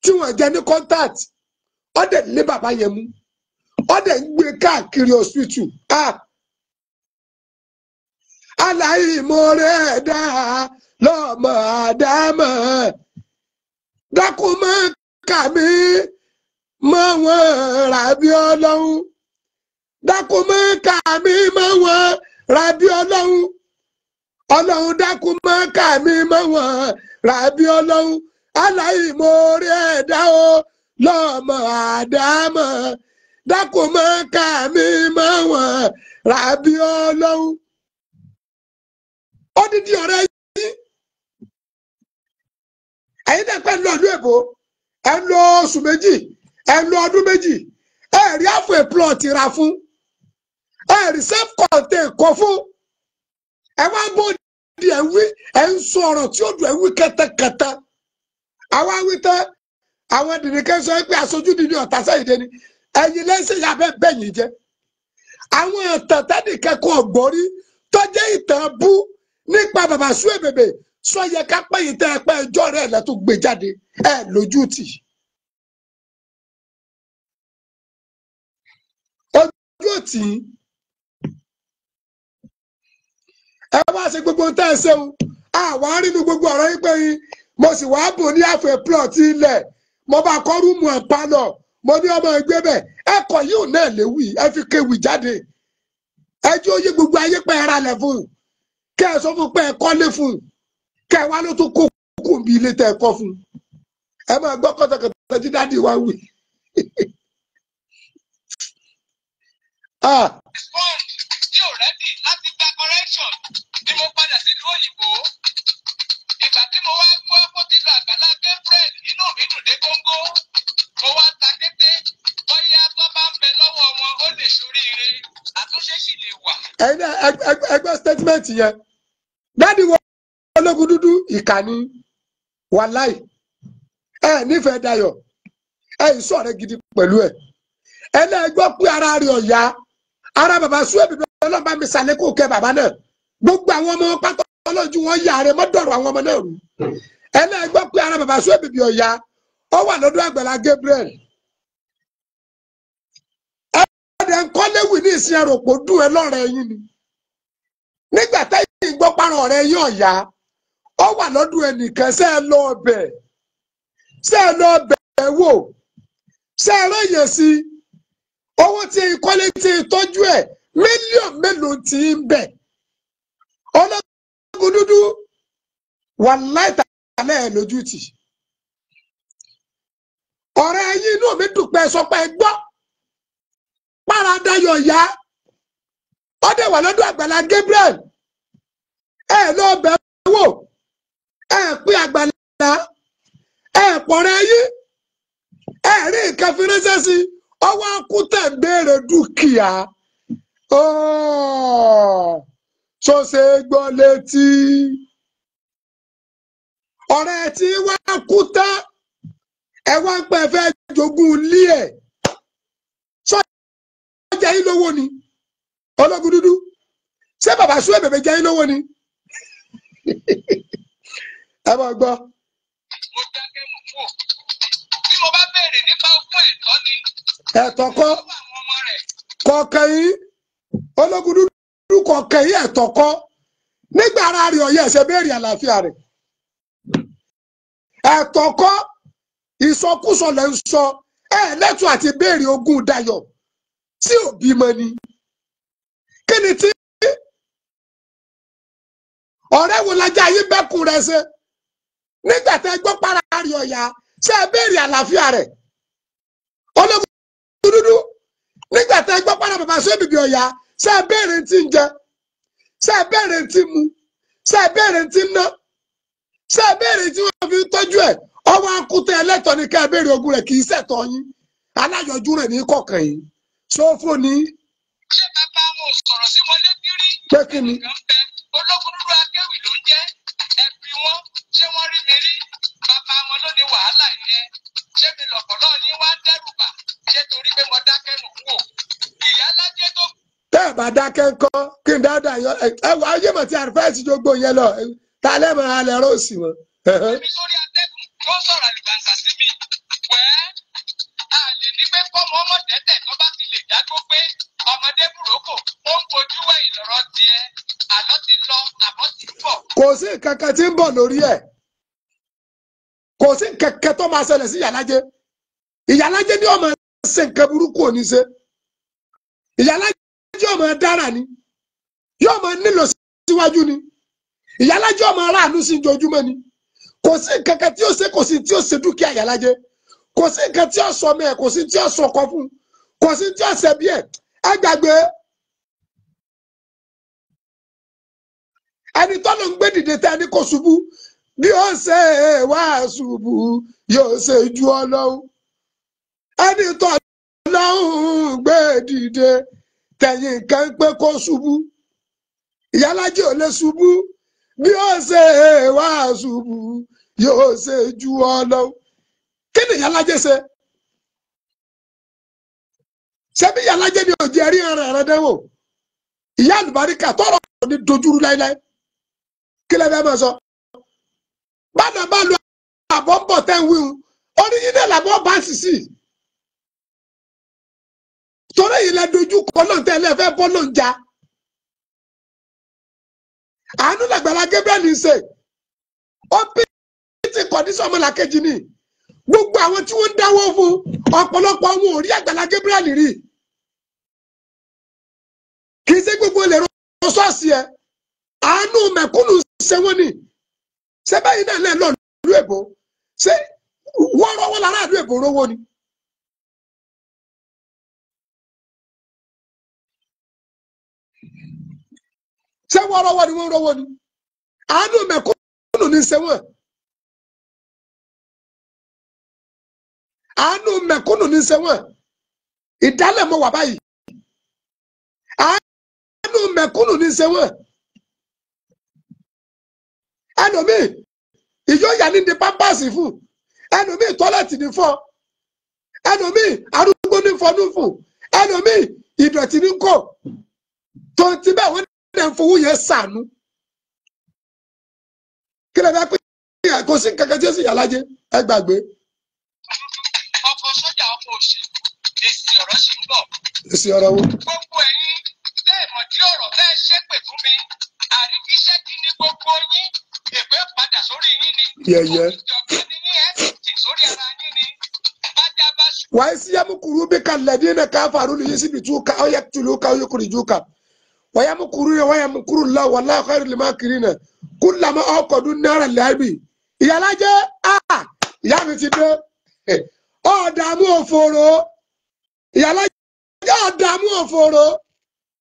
tí wọ́n jẹ́ ní contact ọ̀dẹ̀ ní bàbá yẹn mú ọ̀dẹ̀ ń gbé káàkiri ọ̀sùtù a. aláìmoore dá lọ́mọ àdámọ̀ dákúmọ́ kàmí mọ́ wọn ràbí ọlọ́run dákúmọ́ kàmí mọ́ wọn ràbí ọlọ́run ọlọ́run dákun mọ́ kàmí mọ́ wọn ràbí ọlọ́run aláìmoore ẹ̀dá o lọ́mọ àdámọ̀ dákun mọ́ kàmí mọ́ wọn ràbí ọlọ́run. ó dídí ọ̀rẹ́ yìí ẹ̀yin náà pẹ́ lọ́ọ̀dún èbó ẹ lọ oṣù méjì ẹ lọ ọdún méjì ẹ rí àfọ èplọ̀tì ra fún ẹ rí self kọ fún ẹ wá bó di ẹwí ẹ ń sọ ọ̀rọ̀ tí ó dùn ẹwí kẹtẹkẹtẹ àwa wí tẹ àwọn dìdìkẹ sọ pé aṣojú dìdì ọ̀tá sẹ́yìn dẹni ẹ̀yin lẹ́sẹ̀ yà bẹ́ẹ̀ bẹ́yìn jẹ àwọn tẹ̀tẹ̀dìkẹ́kọ̀ ọ̀gbọ́rí tọ́jẹ́ ìtàn bú nípa bàbá Suebebe sọ yẹ ká pẹ́ yìí tẹ́ ẹ pẹ́ ẹjọ́ rẹ̀ gbé jáde ẹ lójú tì. ojú òtí ẹ wá ṣe gbogbo tẹ́ ẹ ṣeun àwa rínú gbogbo ọ̀rọ̀ yín pé yín mo sì wá bò ní àfẹ plọ̀tì ilẹ̀ mo bá kọ́ rúùmù ẹ̀ mo ní ọmọ ẹgbẹ́ bẹ̀ ẹ kọ̀ yóò náà léwu ẹ fi kéwì jáde ẹjọ́ oyè gbogbo ayé pẹ́ ra lẹ̀ fún un kẹ́ ẹ sọ fún pé ẹ kọ́lé fún un kẹ́ ẹ wá ló tún kó kùn bí ilé tẹ́ ẹ kọ́ fún un ẹ máa gbọ́ kọ́tọ̀kọ́tọ̀ tí dáàdi wá wí. ah. ẹ̀gbọ́n yóò rẹ́ tẹlifíṣàn ni mo padà sílùú òyìnbó ìgbà tí mo wá gbọ́ bó ti lọ àgbàlá Gabriel inú mi dùn dé góńgó mo wá ta kété bóyá tó bá ń bẹ lọ́wọ́ wọn ó lè ṣoríire àtúnṣe sì lè wà. ẹgbẹ́ statement yẹn dáàdi wo ológun dúdú ìkànnì wàláì ẹ nífẹ̀ẹ́ Dayọ̀ ẹ ń sọ̀rọ̀ gidi pẹ̀lú ẹ ẹlẹ́gbọ́ pé ara rẹ̀ ọ̀yá ara bàbá Suebebe ọlọ́ba mi sàlékò kẹ bàbá náà. gbogbo àwọn ọmọ pátá ọlọ́jú wọn yà rẹ mọ́dọ̀rọ̀ àwọn ọmọ náà rú ẹlẹ́gbọ́ pé ara bàbá sọ èbìbì ọ̀yà ó wà lọ́dọ̀ àgbàlá Gabriel ẹ̀ẹ́dẹ̀ ńkọ́léwì ní ìsìn àròpọ̀ dùn ẹ lọ́rọ̀ ẹ̀yìn ni nígbà táyì gbọ́ parọ́ ọ̀rẹ́ yín ọ̀yà ó wà lọ́dún ẹnìkan ṣe é lọ ọbẹ̀ ṣe é lọ ọbẹ̀ wò ṣe é ráyè sí owó tí kọ́lé tí tọ́jú ẹ̀ mílíọ̀nù mélòó ti ń bẹ̀. ológun dúdú wà láìtàlẹ́ lójú tì ọ̀rẹ́ yín inú mi dùn pé sọ pé gbọ́ páradayọ̀ ya ó dẹ̀ wà lọ́dọ̀ àgbàlá Gabriel ẹ lọ bẹ̀ wò ẹ pé àgbàlá ẹ pọ̀rẹ́ yín ẹ rí nǹkan fi ránṣẹ́ sí ọwọ́ akútẹ̀ béèrè dúkìá. Oh tó ṣe é gbọ́ létí. ọ̀rẹ́ tí wá kú tán ẹ wá ń pẹ́ fẹ́ jogún ilé ẹ̀ sọ́jà yín lówó ni ológun dúdú ṣé bàbá sùn èbèbè jẹ́ yín lówó ni ẹ máa gbọ́. ẹ̀tọ́ kọ́ kọ́ kẹ́yìn ológun dúdú ọdún kọ̀ọ̀kan yìí ẹ̀tọ́ kọ́ nígbà ara rẹ̀ ọ̀yẹ́ ẹ̀ṣẹ̀ béèrè àlàáfíà rẹ̀ ẹ̀tọ́ kọ́ ìsọkúsọ lẹ́ ń sọ ẹ̀ lẹ́tọ̀ọ́ àti béèrè ogún dayọ̀ tí ò bímọ ni kí ni tí ọ̀rẹ́ wo lajẹ́ ayé bẹ́kùn rẹ̀ ṣe nígbà tẹ́ gbọ́ para rẹ̀ ọ̀yà ṣe é béèrè àlàáfíà rẹ̀ ológun dúdú nígbà tẹ́ gbọ́ para bàbá ṣe é bìbí ọ̀yà ṣé ẹ béèrè tí ń jẹ ṣé ẹ béèrè tí mu ṣé ẹ béèrè tí ń ná ṣé ẹ béèrè tí fi tọ́jú ẹ̀ ọwọ́ akutẹ ẹlẹ́tọ̀ ni ká ẹ béèrè ogún kì í ṣẹ̀tọ́ yín aláyọjú rẹ̀ ní kọ̀ọ̀kan yìí ṣòfò ní. ṣé bàbá mo sọ̀rọ̀ sí wọn létí pé kí ni. olókùnrin akéwì ló ń jẹ́ ẹbí wọn ṣé wọ́n rí mi rí bàbá wọn ló ní wàhálà yẹn ṣé mi lọ̀pọ̀ náà ní wá dẹ́rù bà ṣé torí pé mo dákẹ́ nù wò ìyá lájẹ́ tó kù tẹ́ ẹ̀ bá dákẹ́ ńkọ́ kí n dáadáa yọ ẹ wọ ayé mọ̀ tí àrífẹ́sì tó gbó yẹn lọ ta lẹ́mọ̀ alẹ́ rọ́ọ̀sì wọn. èmi sórí atẹ́gùn tó sọ̀rọ̀ àlùbáńsà sí mi pẹ́ a lè ní pé fọ́ọ̀mù ọmọ tẹ́tẹ̀ tó bá ti lè dágbó pé ọmọdé burúkú ó ń bojú wẹ̀yìn lọ́rọ́ tiẹ̀ àlọ́ ti lọ àbọ̀ ti bọ̀. kò sí nǹkan tí ń bọ̀ lórí ẹ̀ kò sí nǹkan tó máa ṣẹlẹ̀ sí ìyàlájẹ́ ìyàlájẹ́ ni ọmọ ṣe nǹkan burúkú ò ní ṣe ìyàlájẹ́ ìyálájẹ́ ọmọ dára ni yóò máa nílò síwájú ni ìyálájẹ́ ọmọ aráàlú sí ojoojúmọ́ ni kò sí nǹkan kan tí ó ṣe kò sí tí ó ṣe dúkìá ìyálájẹ́ kò sí nǹkan tí ó sọ mẹ́ẹ̀ kò sí tí ó sọ ọkọ fún kò sí tí ó ṣe bí ẹ̀ ẹ gbàgbé ẹni tó ló ń gbé dìde tẹ ẹni kò ṣubú bí ó ṣe wá ṣubú yóò ṣe ju ọlọ́run ẹni tó ló ń gbé dìde tẹ̀yìn nǹkan pé kó ṣubú ìyálájì ò lè ṣubú bí ó ṣe wá ṣubú yóò ṣe ju ọ lọ kí ni ìyálájì ṣe ṣebí ìyálájì ni ò jẹ́ rí ẹran ẹran dẹ́wò ìyá àlùbáríkà tọrọ ní dojúrú láíláí kí lẹ fẹ́ máa sọ bá nàbà lu àbọ̀ ń bọ̀ tẹ́ ń wíwú orí yín náà làbọ̀ bá ń sì sí torí yìí lẹ dojú kọ lóun tẹ lẹ fẹ́ bọ́ lóun jà àánú làgbàlá Gabriel ń ṣe ó bí ti kọ̀dísọ̀ ọmọlàkejì ni gbogbo àwọn tí wọ́n ń dáwọ́ fún ọ̀pọ̀lọpọ̀ wọn ò rí àgbàlá Gabriel rí kì í ṣe gbogbo ilẹ̀ rọ sọ́ọ̀sì ẹ̀ àánú mẹ̀kúnnù ṣe wọ́n ni ṣé báyìí náà lẹ́ẹ̀ lọ́ọ̀lù èbó ṣé wọ́n rọ́wọ́ lára àdúgbò èbó rówó ni. ṣé wọ́n rọ́wọ́ ni wọ́n rọ́wọ́ ni àánú mẹ̀kúnnù ní ṣe wọ́n àánú mẹ̀kúnnù ní ṣe wọ́n ìdálẹ̀ mọ́ wà báyìí àánú mẹ̀kúnnù ní ṣe wọ́n ẹlòmíì ìjọ yà di pampasì fún ẹlòmíì tọ́lẹ̀tì ní fọ́ ẹlòmíì arúgbó ní fọ́nú fún ẹlòmíì ìdọ̀tí ní kò tó ti bẹ́ẹ̀ wọ́n ẹ̀ ń fowó yẹn sànú kí lè fẹ́ pé kò sí kankan tí ó sì yà lájẹ ẹ gbàgbé. ọkọ sójà ọkọ òsì èsì ọ̀rọ̀ sì ń bọ̀. èsì ọ̀rọ̀ wo. gbogbo ẹ̀yin bẹ́ẹ̀ mọ̀ tí ọ̀rọ̀ bẹ́ẹ̀ ṣépè fún mi àríkíṣẹ́ kí ni gbogbo yín èpè padà sórí yín ni. yẹyẹ. ìjọba ni yín ẹ ti sórí ara yín ni. wàá sí yamukuru bí kalẹ̀ dín ní káfàrú lùyí síbi tú ká ọ̀yẹ́ tùlù ká ọ̀yẹ́ kùrìjú ká. ويمكرون ويمكر الله والله خير الماكرين كلما أوقدوا النار للحرب ìyálà jẹ a ìyá mi ti dé ọdààmú òfòrò ìyálà jẹ ọdààmú òfòrò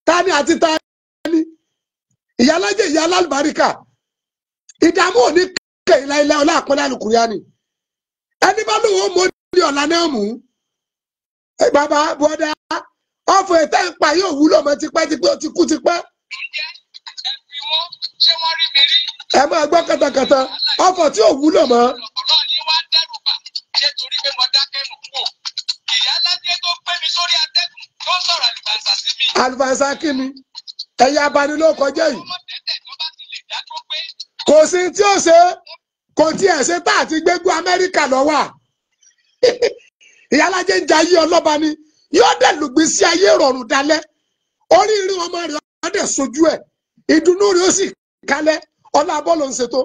tani àti tani ìyálà jẹ ìyálà àlùbáríkà ìdààmú òní kẹ ìlàìlà ọlọ́àpọ̀lá àlùkùránì ẹni bá lówó mọ́ ní ọ̀la náà mú bàbá bọ́dá fún ẹ tẹ́ ń pa yóò wúlò mọ́ tipẹ́tipẹ́ ó ti kú tipẹ́. ẹ máa gbọ́ katakata ọ̀fọ̀ tí ò wúlò mọ́. ọ̀rọ̀ ni wàá dẹ́rù bà ṣé torí pé mo dákẹ́ nù kú ò ìyá ládé tó gbé mi sórí atẹ́gùn tó sọ̀rọ̀ àlùfàǹsà sí mi. àlùfàǹsà kí mi ẹ̀yà abanilókọjẹ́ yìí. kò sí tí ó ṣe kò tiẹ̀ ṣe tá àti gbégbó Amẹ́ríkà lọ́wọ́ à ń jayé ọlọ́ba ni. yóò dẹ̀ lùgbìsí ayé rọrùn dalẹ̀ oríire ọmọ rẹ̀ ó sojú ẹ̀ ìdùnnú rẹ̀ ó sì kalẹ̀ ọlá bọ́ọ̀lù ń ṣètò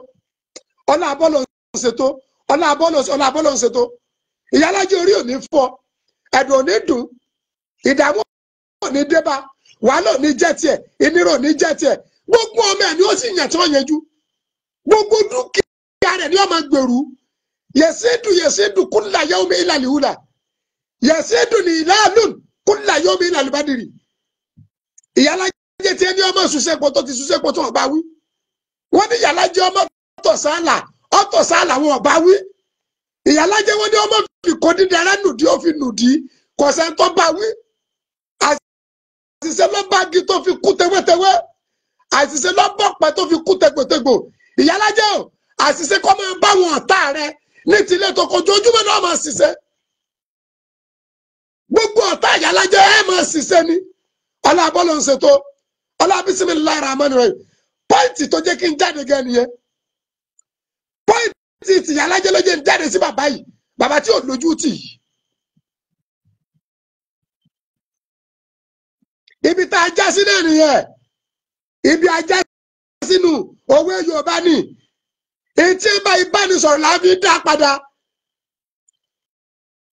ọlá bọ́ọ̀lù ń ṣètò ọlá bọ́ọ̀lù ọlá bọ́ọ̀lù ń ṣètò orí ìdààmú ò wàhálà ò ní jẹ́ gbogbo ọmọ ẹ̀ ni ó sì yàn gbogbo dúkìá rẹ̀ ni gbèrú yasiduni ilalun kúnlá yóò mi ilà lùbádìrì ìyálàjẹ tí ẹni ọmọ ṣùṣẹpọ tó ti ṣùṣẹpọ tó ọba wí wọn ní ìyálàjẹ ọmọ ọtọ sáàlà ọtọ sáàlà wọn ọba wí ìyálàjẹ wọn ní ọmọ fi kó dídí ara nùdí ó fi nùdí kọsẹ̀ tó bá wí àṣìṣe ló bá gi tó fi kú tewétewé àṣìṣe ló bọ̀pẹ̀ tó fi kú tegbòtegbò ìyálàjẹ o àṣìṣe kọ́ máa bá wọn ọ̀tá rẹ ní tilé tó kojú ojúmọ́ náà máa ṣiṣẹ́ gbogbo ọ̀tá ìyálàjẹ ẹ̀ máa ṣiṣẹ́ ni ọlá abọ́lọ̀ ń ṣètò ọlá bísímì lára àmọ́ni rẹ̀ pọ́ìntì tó jẹ́ kí n jáde gan nìyẹn pọ́ìntì ti ìyálàjẹ ló jẹ́ n jáde sí bàbá yìí bàbá tí ò lójú tì yìí. ibi tá a já sí náà nìyẹn ibi ajá sínú òwe Yorùbá ni etí ẹ bá ibà ní sọ̀rọ̀ làá dá padà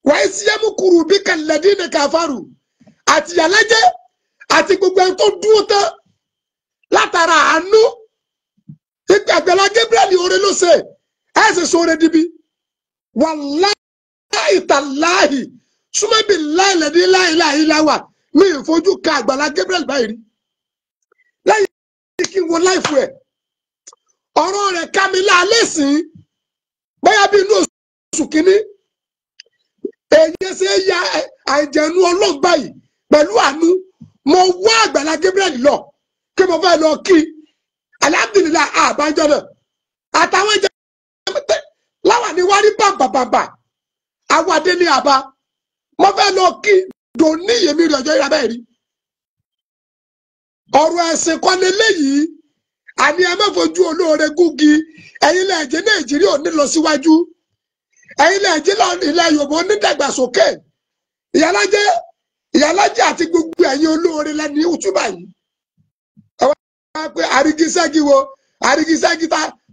wàá sí yamukuru bí kàlẹ́dí ní káfárù àti yàlẹ́jẹ́ àti gbogbo ẹni tó dúró tán látara àánú ìgbàgbọ́lá Gabriel oore ló ṣe ẹ ṣe sóore dibi wàláì tàláì súnmọ́bì láìlẹ́dí láìláì láwà mi ìfojú ka àgbàlá Gabriel báyìí rí lẹ́yìn kí n wo láìfù ẹ̀ ọ̀rọ̀ rẹ̀ ká mi láàlẹ́ sí bóyá bí inú oṣù kìíní èyí ṣe ya àìjẹnu ọlọ́run báyìí pẹ̀lú àánú mo wá àgbàlá Gabriel lọ kí mo fẹ́ lọ kí alhamdulilayi àbájọ náà àtàwọn ìjẹ láwọn ni wọ́n rí bàbàbàbà àwọn adé ní àbá mo fẹ́ lọ kí dòní yèmí rẹ̀ ọjọ́ ìrà bẹ́ẹ̀ rí ọ̀rọ̀ ẹ̀sìn kan lélẹ́yìí àní ẹ má fojú olóore gúgi ẹ̀yin lẹ́ẹ̀jẹ̀ Nàìjíríà ò ní lọ síwájú. Si ẹ̀yin ilẹ̀ ilẹ Yorùbá onídàgbàsókè ìyálájẹ ìyálájẹ àti gbogbo eyi olóore lẹni ìwútúbà yìí ẹ wá pé àrígiṣẹ́gi wo àrígiṣẹ́gi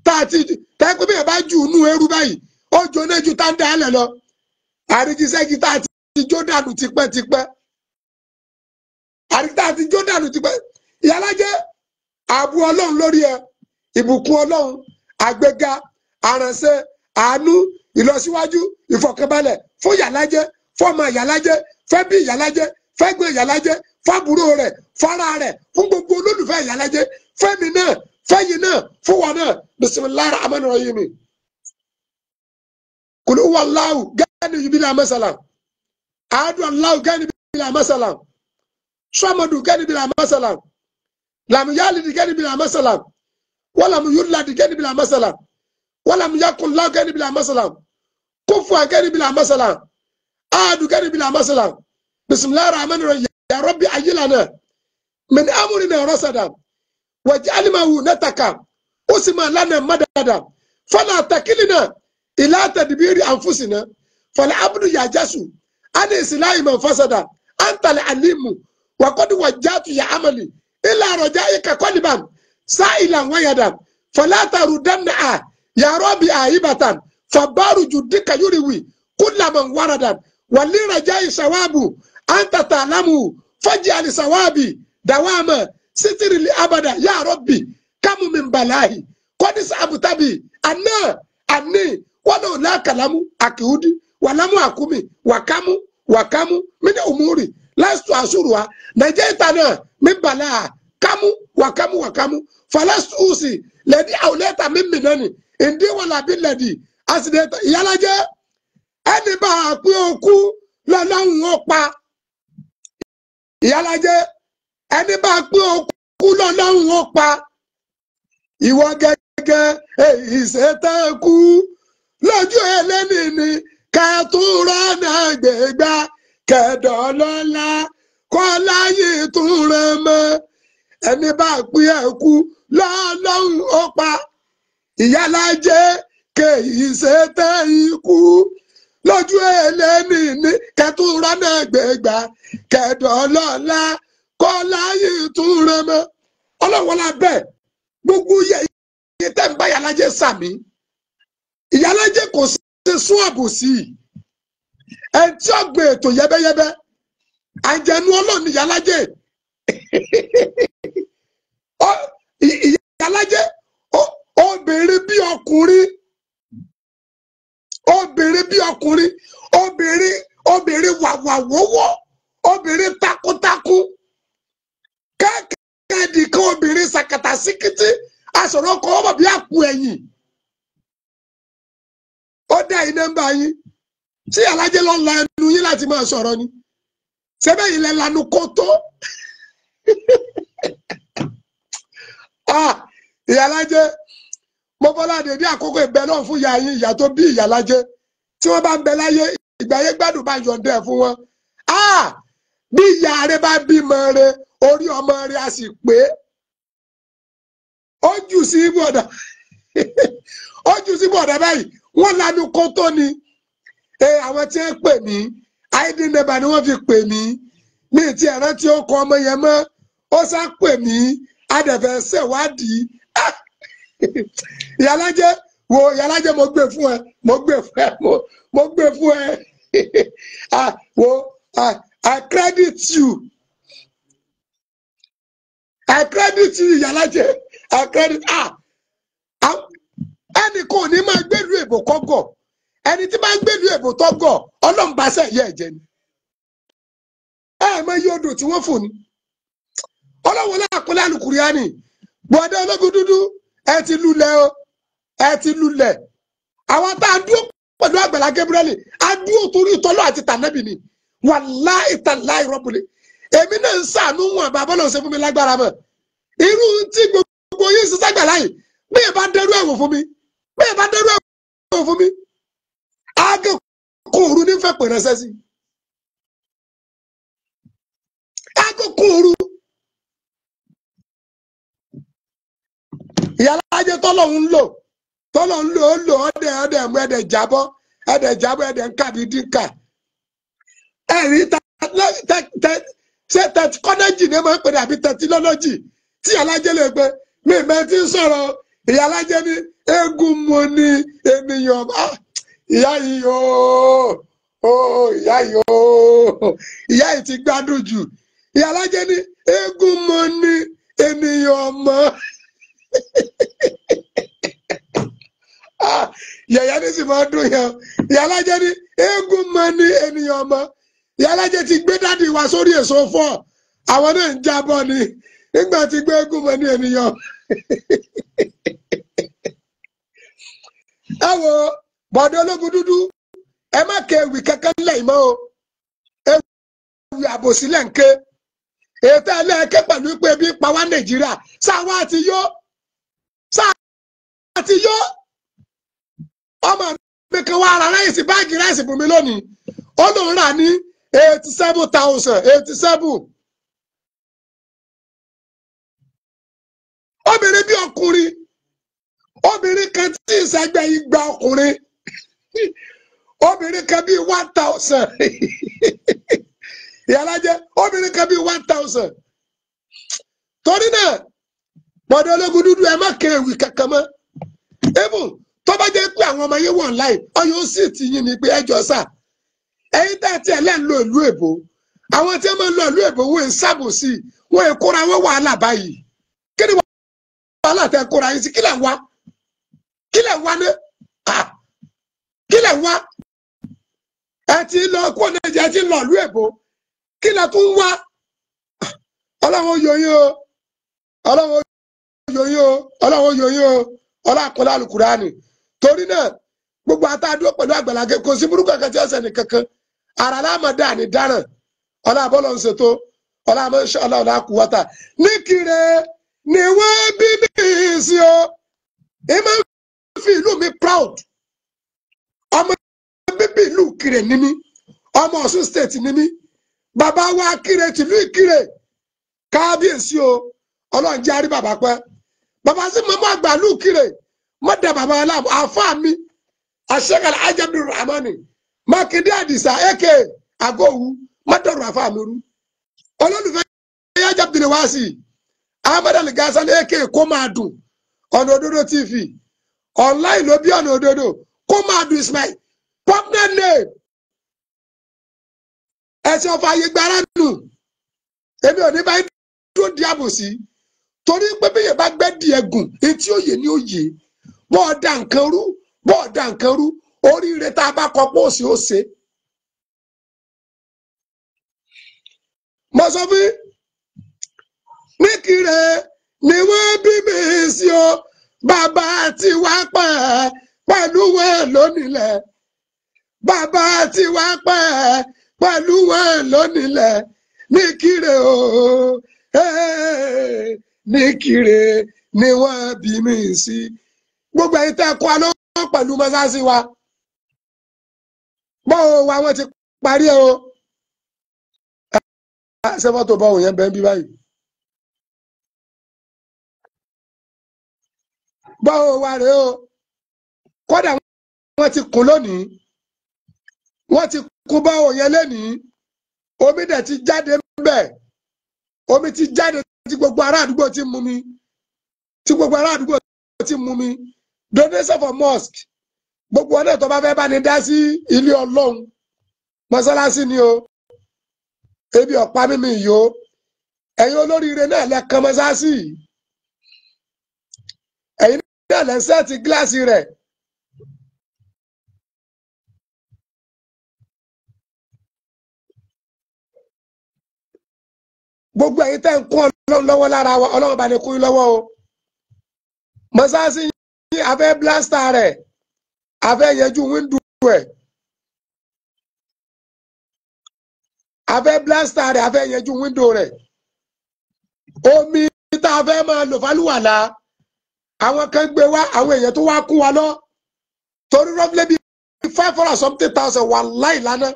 tá a ti tẹ́kùn bí bá jù nú eru báyìí ó jóná ju a lọ àrígiṣẹ́gi tá ti jó dànù tipẹ́tipẹ́ ta ti jó dànù ìyálájẹ lórí ẹ ìbùkún àánú ìlọsíwájú ìfọ̀kànbalẹ̀ fún ìyàlájẹ fọmọ ìyàlájẹ fẹbí ìyàlájẹ fẹgbẹ ìyàlájẹ fábúrò rẹ fara rẹ fún gbogbo olólùfẹ́ ìyàlájẹ fẹmi náà fẹyìn náà fún wa náà bisimilahi rahman rahim kulu wàlláhu gani yibila masala adu allahu gani yibila masala sọmọdù gani yibila masala làmúyálì gani yibila masala wàlàmúyúlà gani yibila masala walam yakun lahu kẹ́ni bila masalan kufuwan kẹ́ni bila masalan aadu kẹ́ni bila masalan bisimilahi rahmani rahim ya rabbi ayilana min amurina rasada waj'al mawunataka usman lana madada fala takilina ila tadbiri anfusina fala abdu yajasu ana islahi man fasada anta al-alimu wa qad wajjatu ya amali ila rajaika qaliban sa'ilan wayada fala tarudanna yàrá bi àyíbàtàn fàbárùjù dìkà yúriwì kúlàmàn wàràdàn wàlírajá ìṣàwábù àǹtàtà lámù fọjì àlìṣàwábì dàwámà sítìrìlì abàdà yàrá bi kámùmìn bàláhì kọ́dísà àbùtàbì àná àní wọ́n ò lákàlámù àkìhúdí wàlámù àkúmì wàkámù wàkámù mínú òmùrì lásìtò àṣùrùwà nàìjíríà náà mí bàlá kámù wàkámù wakamu, fàlásùsì lẹ́ni àwòlẹ́ta mí mìíràn nìyí ǹdí wọn làbí lẹ̀dì àsìdẹ̀tà ìyálàjẹ́ ẹni bá a pé okú lọ́nà wọn pa ìyálàjẹ́ ẹni bá a pé okú lọ́nà wọn pa ìwọ gẹ́gẹ́ èyí ṣètẹ́kù lójú ẹlẹ́ni ni kẹtùrọ̀ náà gbégbá kẹdọ̀ọ́lọ́lá kọ́lá yìí tún rẹ̀ mọ́ ẹni bá a pé ẹ̀kú lọ́nà wọn pa ìyálájẹ kèyí ṣe tẹ ikú lójú ẹlẹ́ni ní kẹtùrọ náà gbẹgbà kẹdọ̀ọ́lọ́lá kọ́lá yìí tún rẹ mọ́ ọlọ́wọ́lá bẹ́ẹ̀ gbogbo yẹ iye tẹ́ ń bá ìyálájẹ sàmì ìyálájẹ kò ṣe sún àbòsí ẹ̀ tí ọ̀gbìn ètò yẹ́bẹ́yẹ́bẹ́ àjẹnú ọlọ́ọ̀ni ìyálájẹ ìyálájẹ obìnrin bí ọkùnrin obìnrin bí ọkùnrin obìnrin obìnrin wàwàwọ́wọ́ obìnrin takuntakun kẹ́kẹ́ nìkan obìnrin sàkàtà síkìtì aṣọ̀rọ̀ ọkọ̀ ọmọ bíi àpò ẹ̀yìn ó dá yìí nọ́mbà yín tí alájẹ lọ la ẹnu yín láti máa sọ̀rọ̀ ni sẹ́bẹ̀ yìí lẹ lanu kótó ah, ìyá alájẹ mo bọ́lá dèdé àkókò ìbẹ́ náà fún ìyá yín ìyá tó bí ìyá lájẹ́ tí wọ́n bá ń bẹ láyé ìgbà ayé gbádùn bá yọ̀ǹda ẹ̀ fún wọn. Ah! bí ìyá rẹ bá bímọ rẹ orí ọmọ rẹ a sì pé ó jù sí bọ̀dà ó jù sí bọ̀dà báyìí wọ́n lanu kó tó ni àwọn tí ń pè mí àìdí nẹ́bà ni wọ́n fi pè mí mi ti ẹ̀rọ tí ó kọ ọmọ yẹn mọ́ ó sá pè mí adẹ̀fẹ́ ṣèwádìí ah! ìyálájẹ wo ìyálájẹ mo gbé fún ẹ mo gbé fún ẹ mo gbé fún ẹ ah wo ah I credit you I credit you ìyálájẹ I credit ah, ah ẹnì kan ò ní máa gbèlú èbò kọ́gọ̀ ẹni tí máa ń gbèlú èbò tọ́gọ̀ ọlọ́mbàṣẹ yẹ ẹ̀jẹ̀ ni ẹ mọ iye odò tí wọ́n fò ní ọlọ́wọ́lá àkọlẹ́ àlùkùrìánì bọ̀dẹ́ ológun dúdú ẹ ti lulẹ̀ o ẹ ti lulẹ̀ àwọn tá a dúró pẹ̀lú àgbàlá Gabriel a dúró torí ìtọ́lọ́ àti tànẹ́bì ni wàláì tàláì rọ́bùlé èmi náà ń sàánú wọn bàbá náà ṣe fún mi lágbára mọ́ irú tí gbogbo yín ṣiṣẹ́ àgbàlá yìí bẹ́ẹ̀ bá dẹrú ẹ̀wò fún mi bẹ́ẹ̀ bá dẹrú ẹ̀wò fún mi aago kòòrú nífẹ̀ẹ́ pè ránṣẹ́ aago kòòrú ìyá alájẹ tọ́lọ̀ ń lò tọ́lọ̀ ń lò ó lò ó dẹ̀ ọ́ dẹ̀ mú ẹ̀dẹ̀ jábọ́ ẹ̀dẹ̀ jábọ́ ẹ̀dẹ̀ ń kà ní dínkà ẹ̀rí ṣe tẹtikọ́lẹ́jì ni wọ́n ń pè ní àbí tẹtilọ́lọ́jì tí alájẹ́ lè pe mi ìmọ̀ ti ń sọ̀rọ̀ ìyá alájẹ́ ní eégún mu ni ènìyàn ah, ìyá yìí o ìyá yìí o ìyá yìí ti gbádùn jù ìyá alájẹ́ ní eégún mu ni ènìyàn mọ́. yàyà sì máa dùn yẹn Ìyálájẹ ní eégún máa ní ènìyàn ọmọ Ìyálájẹ ti gbé dáàdì wá sórí èso fọ àwọn náà ń ni nígbà tí gbé eégún máa ní ènìyàn. ẹ wo bọ̀dọ̀ ológun dúdú ẹ má ke ewì kankan mọ́ o ewì àbòsí ètò ẹlẹ́ẹ̀kẹ́ pẹ̀lú ọmọ mi kan wá ara ráìsì báàgì ráìsì fún mi lónìí ó lóun rà ní eighty seven thousand eighty seven. obìnrin bí ọkùnrin obìnrin kan tí ìsẹgbẹ́ yìí gba ọkùnrin obìnrin kan bíi one thousand ìyálàjẹ obìnrin kan bíi one thousand torí náà bọ̀dọ̀ ológun dúdú ẹ má kéwì kankan mọ́ ebùn tó bá jẹ́ pé àwọn ọmọ yẹn wọ̀ láì ọyọ sì ti yín ni pé ẹjọ́ sà ẹ̀yin tá àti ẹ̀lẹ́ ń lo ìlú èbó àwọn tí wọ́n máa ń lo ìlú èbó wọ́n ń sábòsí wọ́n ń kóra wọ́n wàhálà báyìí kí ni wàhálà tẹ́ kóra yín sí kí lẹ̀ ń wá kí lẹ̀ ń wá ní kí lẹ̀ ń wá ẹ ti lọ kó nàìjíríà ẹ ti lọ ìlú èbó kí lẹ̀ tún wá ọlọ́run yòóyìn o ọlọ́run yòóyìn o ọlọ́run yòóyìn o ọlọ́run torí náà gbogbo àtàdúró pẹ̀lú àgbàlagé kò sí burúkú kankan tí ọ̀sẹ̀ ní kankan ara lámọ̀dá ní dáràn ọla àbọ̀lọ̀ ń ṣètò ọla àmọ́ ṣe ọla ọlá ní kiri ni wọ́n bí mi sí o èyí máa ń fi ìlú mi proud ọmọ bíbí ìlú kiri ni mí ọmọ wa kiri tìlú ìkiri o ọlọ́run jẹ́ àrí bàbá pẹ́ bàbá sí má da bàbá wa láàbù àfa mi àṣekàlà ajabu rahman mákindé àdìsá èké àgọ́wù má àfa mi rú olólùfẹ́ ajabu ni wá sí ahmed aligasan èké kó máa ọ̀nà òdodo tv online ló bí ọ̀nà òdodo kó máa ismail partner name ẹsẹ ọfọ ayé gbára nù èmi ò ní bá dúró di àbòsí torí pé bí yẹn bá gbẹ́ di ẹ̀gùn etí òye ni ó yè bọ́ ọ da nǹkan rú bọ́ ọ da nǹkan rú oríire tá a bá kọ pé òsì ó ṣe. mo sọ fún níkìrẹ ni wọ́n bí mi sí o bàbá tí wàá pẹ pẹ̀lú wọn lónìlẹ bàbá tí wàá pẹ pẹ̀lú wọn lónìlẹ níkìrẹ o níkìrẹ ni wọ́n bí mi sí. Si gbogbo ẹ̀yin tẹ́ kó aná pẹ̀lú mọ́sáàsì wa bọ́ọ̀ wa wọ́n ti parí ẹ̀ o ṣé fọ́tò bọ́ọ̀ yẹn bẹ́ẹ̀ bí báyìí bọ́ọ̀ wa rèé o kódà wọ́n ti kún lónìí wọ́n ti kún bọ́ọ̀ yẹn lónìí omi dẹ̀ ti jáde bẹ́ẹ̀ omi ti jáde tí gbogbo ará àdúgbò ti mú mi tí gbogbo ará àdúgbò ti mú mi donation for mosque gbogbo ọ̀nà tó bá fẹ́ bá ní dá sí ilé ọlọ́run mọ́sálásí ni o ebi ọ̀pá mímì yìí o ẹ̀yin olóríire náà lẹ́ẹ̀kan mọ́sálásí ẹ̀yin náà lẹ́ sẹ́ẹ̀tì gíláàsì rẹ̀. gbogbo ẹ̀yin tẹ́ ń kún ọlọ́run lọ́wọ́ lára wa ọlọ́run bá ní kún yín lọ́wọ́ o mọ́sálásí afẹ́ blasta rẹ̀ afẹ́ yẹjú wíńdù ẹ̀ afẹ́ blasta rẹ̀ afẹ́ yẹjú wíńdù rẹ̀ omi tá a fẹ́ máa lò fálùwàlà àwọn kan gbé wá àwọn èèyàn tó wá kún wa lọ torí roughly bíi five hundred something thousand wà láì lánàá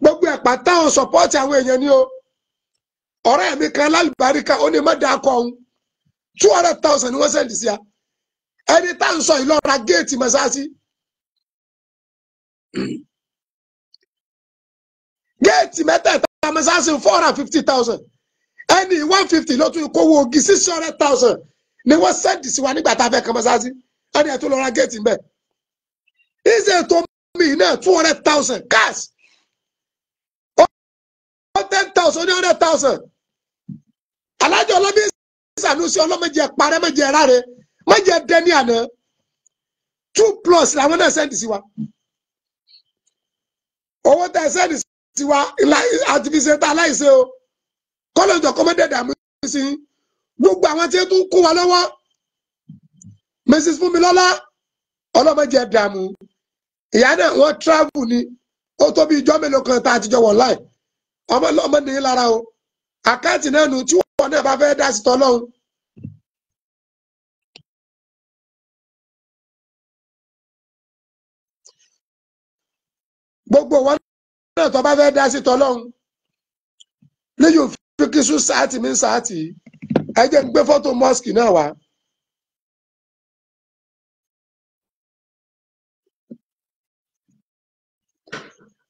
gbogbo ẹ̀pà táwọn sọ̀pọ́ọ̀tì àwọn èèyàn ni o ọ̀rẹ́ mi kan lálùbáríkà ó ní má dáa kọ́ ọ̀hún two hundred thousand ni wọ́n sẹ́ndì sí a ẹni tá ń sọ yìí lọ ra géètì mọ́sáàsì géètì mẹ́tẹ̀ẹ̀ta mọ́sáàsì four hundred and fifty thousand ẹni one fifty ló tún kówó ogi six hundred thousand ni wọ́n sẹ́ǹdì sí wa nígbà tá a fẹ́ kan mọ́sáàsì ẹni ẹ̀ tó lọ ra géètì mbẹ́ ìṣe ètò mi náà two hundred thousand cash ó ten thousand ó ní hundred thousand alájọ ọlọ́mí ìsàlùsí ọlọ́mọdé parẹ́ mọ́jẹ rárẹ̀ má jẹ́ dẹ́ni àná two plus làwọn náà sẹ́ndì sí wa owó tẹ sẹ́ndì sí wa àti fi ṣe ta aláìsè o kọ́lọ́jọ kọ́mọ́dẹ̀dà mú sí gbogbo àwọn tí ó tún kó wa lọ́wọ́ Mrs. Fúnmilọ́lá ọlọ́mọdé dààmú ìyá náà wọ́n travel ni ó tó bí ìjọ mélòó kan tá a ti jọ wọ̀ láì ọmọ ọmọ nìyí lára o àkáǹtì náà nù tí wọ́n náà bá fẹ́ dá sí tọ́lọ́hún gbogbo wọn náà tó bá fẹ́ dá sí tọlọ́run lẹ́yìn òfin kí sùn sáàtì mi sáàtì ẹ jẹ́ ń gbé fọ́tò mọ́sìkì náà wá.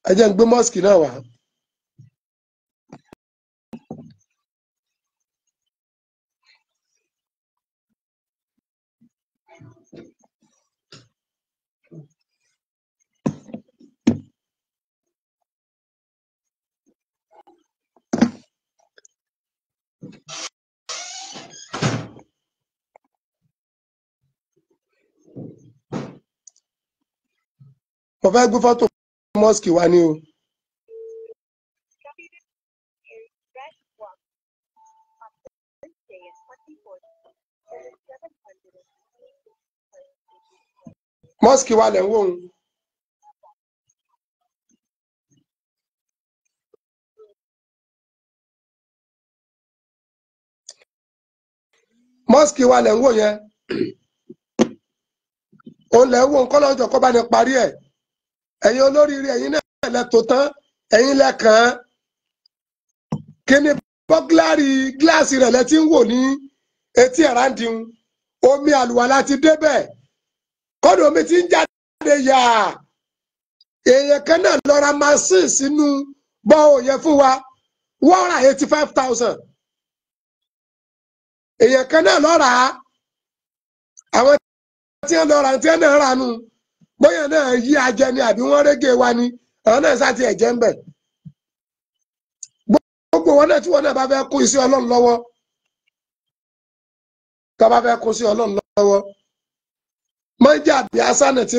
ẹ jẹ́ ń gbé mọ́sìkì náà wá. mo fẹ́ gbé fọ́tò mọ́sìkì wa ni o. mọ́sìkì wa lẹ̀ ń wò ó. mọ́sìkì wa lẹ̀ ń wò yẹn òun lẹ̀ ń wò nǹkan lọ́jọ́ kó bá ní parí ẹ̀ ẹ̀yin olóríire ẹ̀yin náà lẹ tó tán ẹ̀yin lẹ kàn án kí ni bọ́gíláàrí gíláàsì rẹ̀ lẹ ti ń wò ní etí ẹ̀ráǹdìhun omi àlùwàlá ti débẹ̀ kọ́dọ̀ omi ti ń jáde yà èèyàn kan náà lọ ra machine sínú bọ́ọ̀ yẹn fún wa one hundred eighty five thousand èèyàn kan náà lọ àwọn tí wọ́n lọ ranu, tí wọ́n náà rà nù ajẹ ni àbí wọ́n rége wa ni àwọn náà sá ti ẹ̀jẹ̀ ń bẹ̀. gbogbo wọn náà tí wọn náà bá fẹ́ ọlọ́run lọ́wọ́ tó bá fẹ́ ọlọ́run lọ́wọ́ mọ́jàbí asánà ń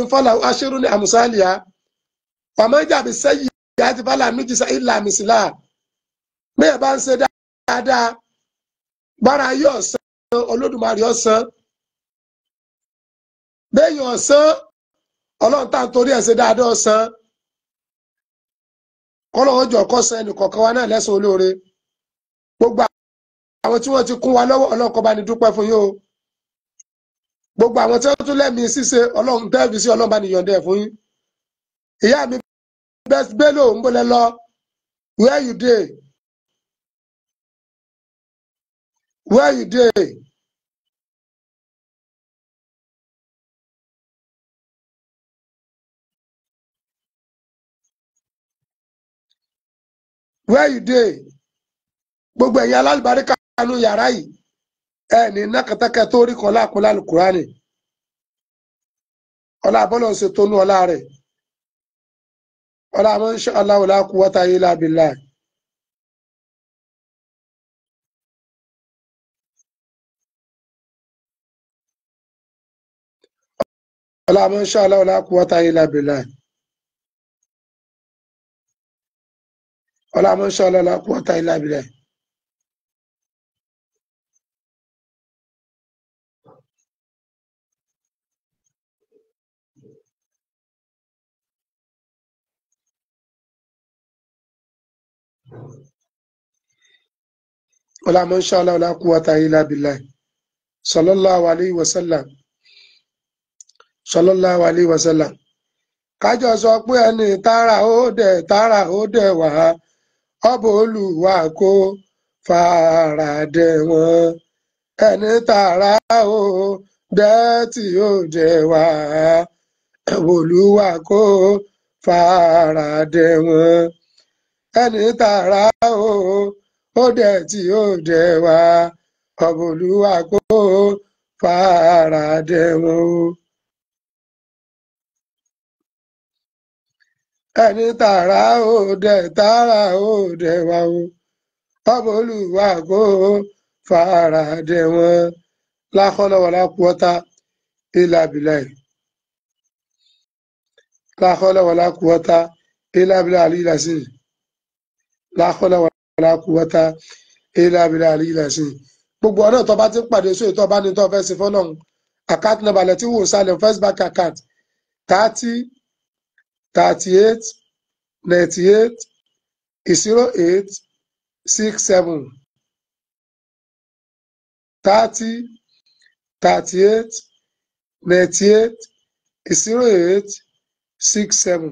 ní Bara ayé ọ̀sán olódùmarè ọ̀sán béèyàn ọ̀sán ọlọ́run torí ẹ̀ dáadáa ọ̀sán kọ́lọ́wọ́ jọ kọ́sán ẹnìkọ̀ọ̀kan wa náà olóore gbogbo àwọn tí wọ́n ti kún wa lọ́wọ́ ọlọ́run fún o gbogbo àwọn tí wọ́n tún lẹ́mìí ṣíṣe ọlọ́run sí mi bẹ́ẹ̀ bẹ́ẹ̀ lò ń bọ́lẹ̀ where you dey? where you dey? gbogbo ẹ̀yin alálùbáríkà nínú yàrá yìí ẹ ní iná kẹtẹkẹ tó rí kan láàkó lálùkùránì ọlá bọ́lọ̀ ṣe tónú ọlá rẹ ọlá mọ́ ń kú Allahumma insha Allah la quwwata illa billah. Allahumma insha Allah la quwwata illa billah. Allahumma insha Allah la quwwata illa billah. Sallallahu alayhi wa sallam sallallahu alaihi wasallam kájọ sọ pé ẹni tààrà ó dẹ̀ tààrà ó dẹ̀ wá ọbọ olùwà kó fàárà dẹ̀ wọ́n ẹni tààrà ó dẹ̀ tí ó dẹ̀ wá olùwà kó fàárà dẹ̀ wọ́n ẹni tààrà ó ó dẹ̀ tí ó dẹ̀ wá ọbọ olùwà kó fàárà dẹ̀ wọ́n. ẹni tààrà ó dẹ̀ tààrà ó dẹ̀ wá o ọmọ olùwà kó fara dẹ̀ wọn lákọ́lọ́wọ́lá kúọ́tà ilà bìláì lákọ́lọ́wọ́lá kúọ́tà ilà bìláì àlìlà sí lákọ́lọ́wọ́lá kúọ́tà ilà bìláì àlìlà sí gbogbo ọ̀nà tó bá ti ń pàdé sóyè tó bá ní tó fẹ́ sí fọ́nà àkáàtì nọ́mbà lẹ́tí wò sálẹ̀ first bank account thirty thirty-eight ninety-eight zero eight six seven thirty thirty-eight ninety-eight zero eight six seven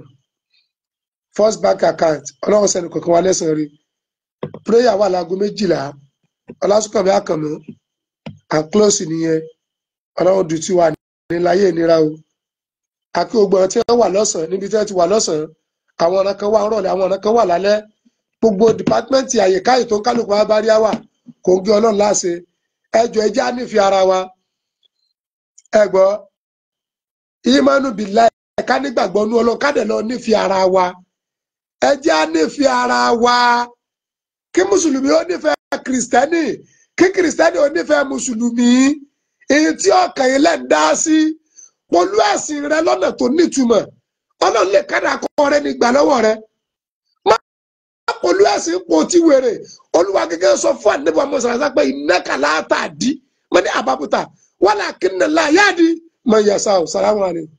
first bank account ọlọ́run sẹ́ni kọ̀ọ̀kan wa lẹ́sàn-án rí prayer wà láago méjìlá ọlásùnkànmí àkànmọ́ and close nìyẹn ọlọ́run dùn tí wà ní láyé ìnira o àkí gbogbo ọ̀rọ̀ tí wọ́n wà lọ́sàn-án níbi tí wọ́n ti wà lọ́sàn-án àwọn ọ̀ràn kan wà rọ̀lẹ́ àwọn ọ̀ràn kan wà lálẹ́ gbogbo dìpátímẹ́ǹtì àyíká ètò kálukú abáríyá kò ń gé ọlọ́run láṣẹ ẹjọ́ ẹjẹ́ á nífẹ̀ẹ́ ara wa ẹ gbọ́ ìmánu bìlá ẹ̀ka nígbàgbọ́ nú ọlọ́run ká lọ nífẹ̀ẹ́ ara wa ẹjẹ́ á nífẹ̀ẹ́ ara wa kí mùsùlùmí ó nífẹ̀ẹ́ kìrìsìtẹ́nì kí kìrìsìtẹ́nì ó nífẹ̀ẹ́ mùsùlùmí èyí tí ọkàn yìí lẹ́ sí. Si pọ̀lú ẹ̀sìn rẹ lọ́nà tó nítumọ̀ ọlọ́run lè kádà kọ́ rẹ nígbà lọ́wọ́ rẹ má pọ̀lú ẹ̀sìn pò tí wèrè olúwa gẹ́gẹ́ sọ fún àdébò amọ̀sàlásá pé ìnákàlá tà dí mọ́ ní àbábútà wàlá kìnnìlá yáàdì mọ̀ ìyàsá ò sàlámù aláykum.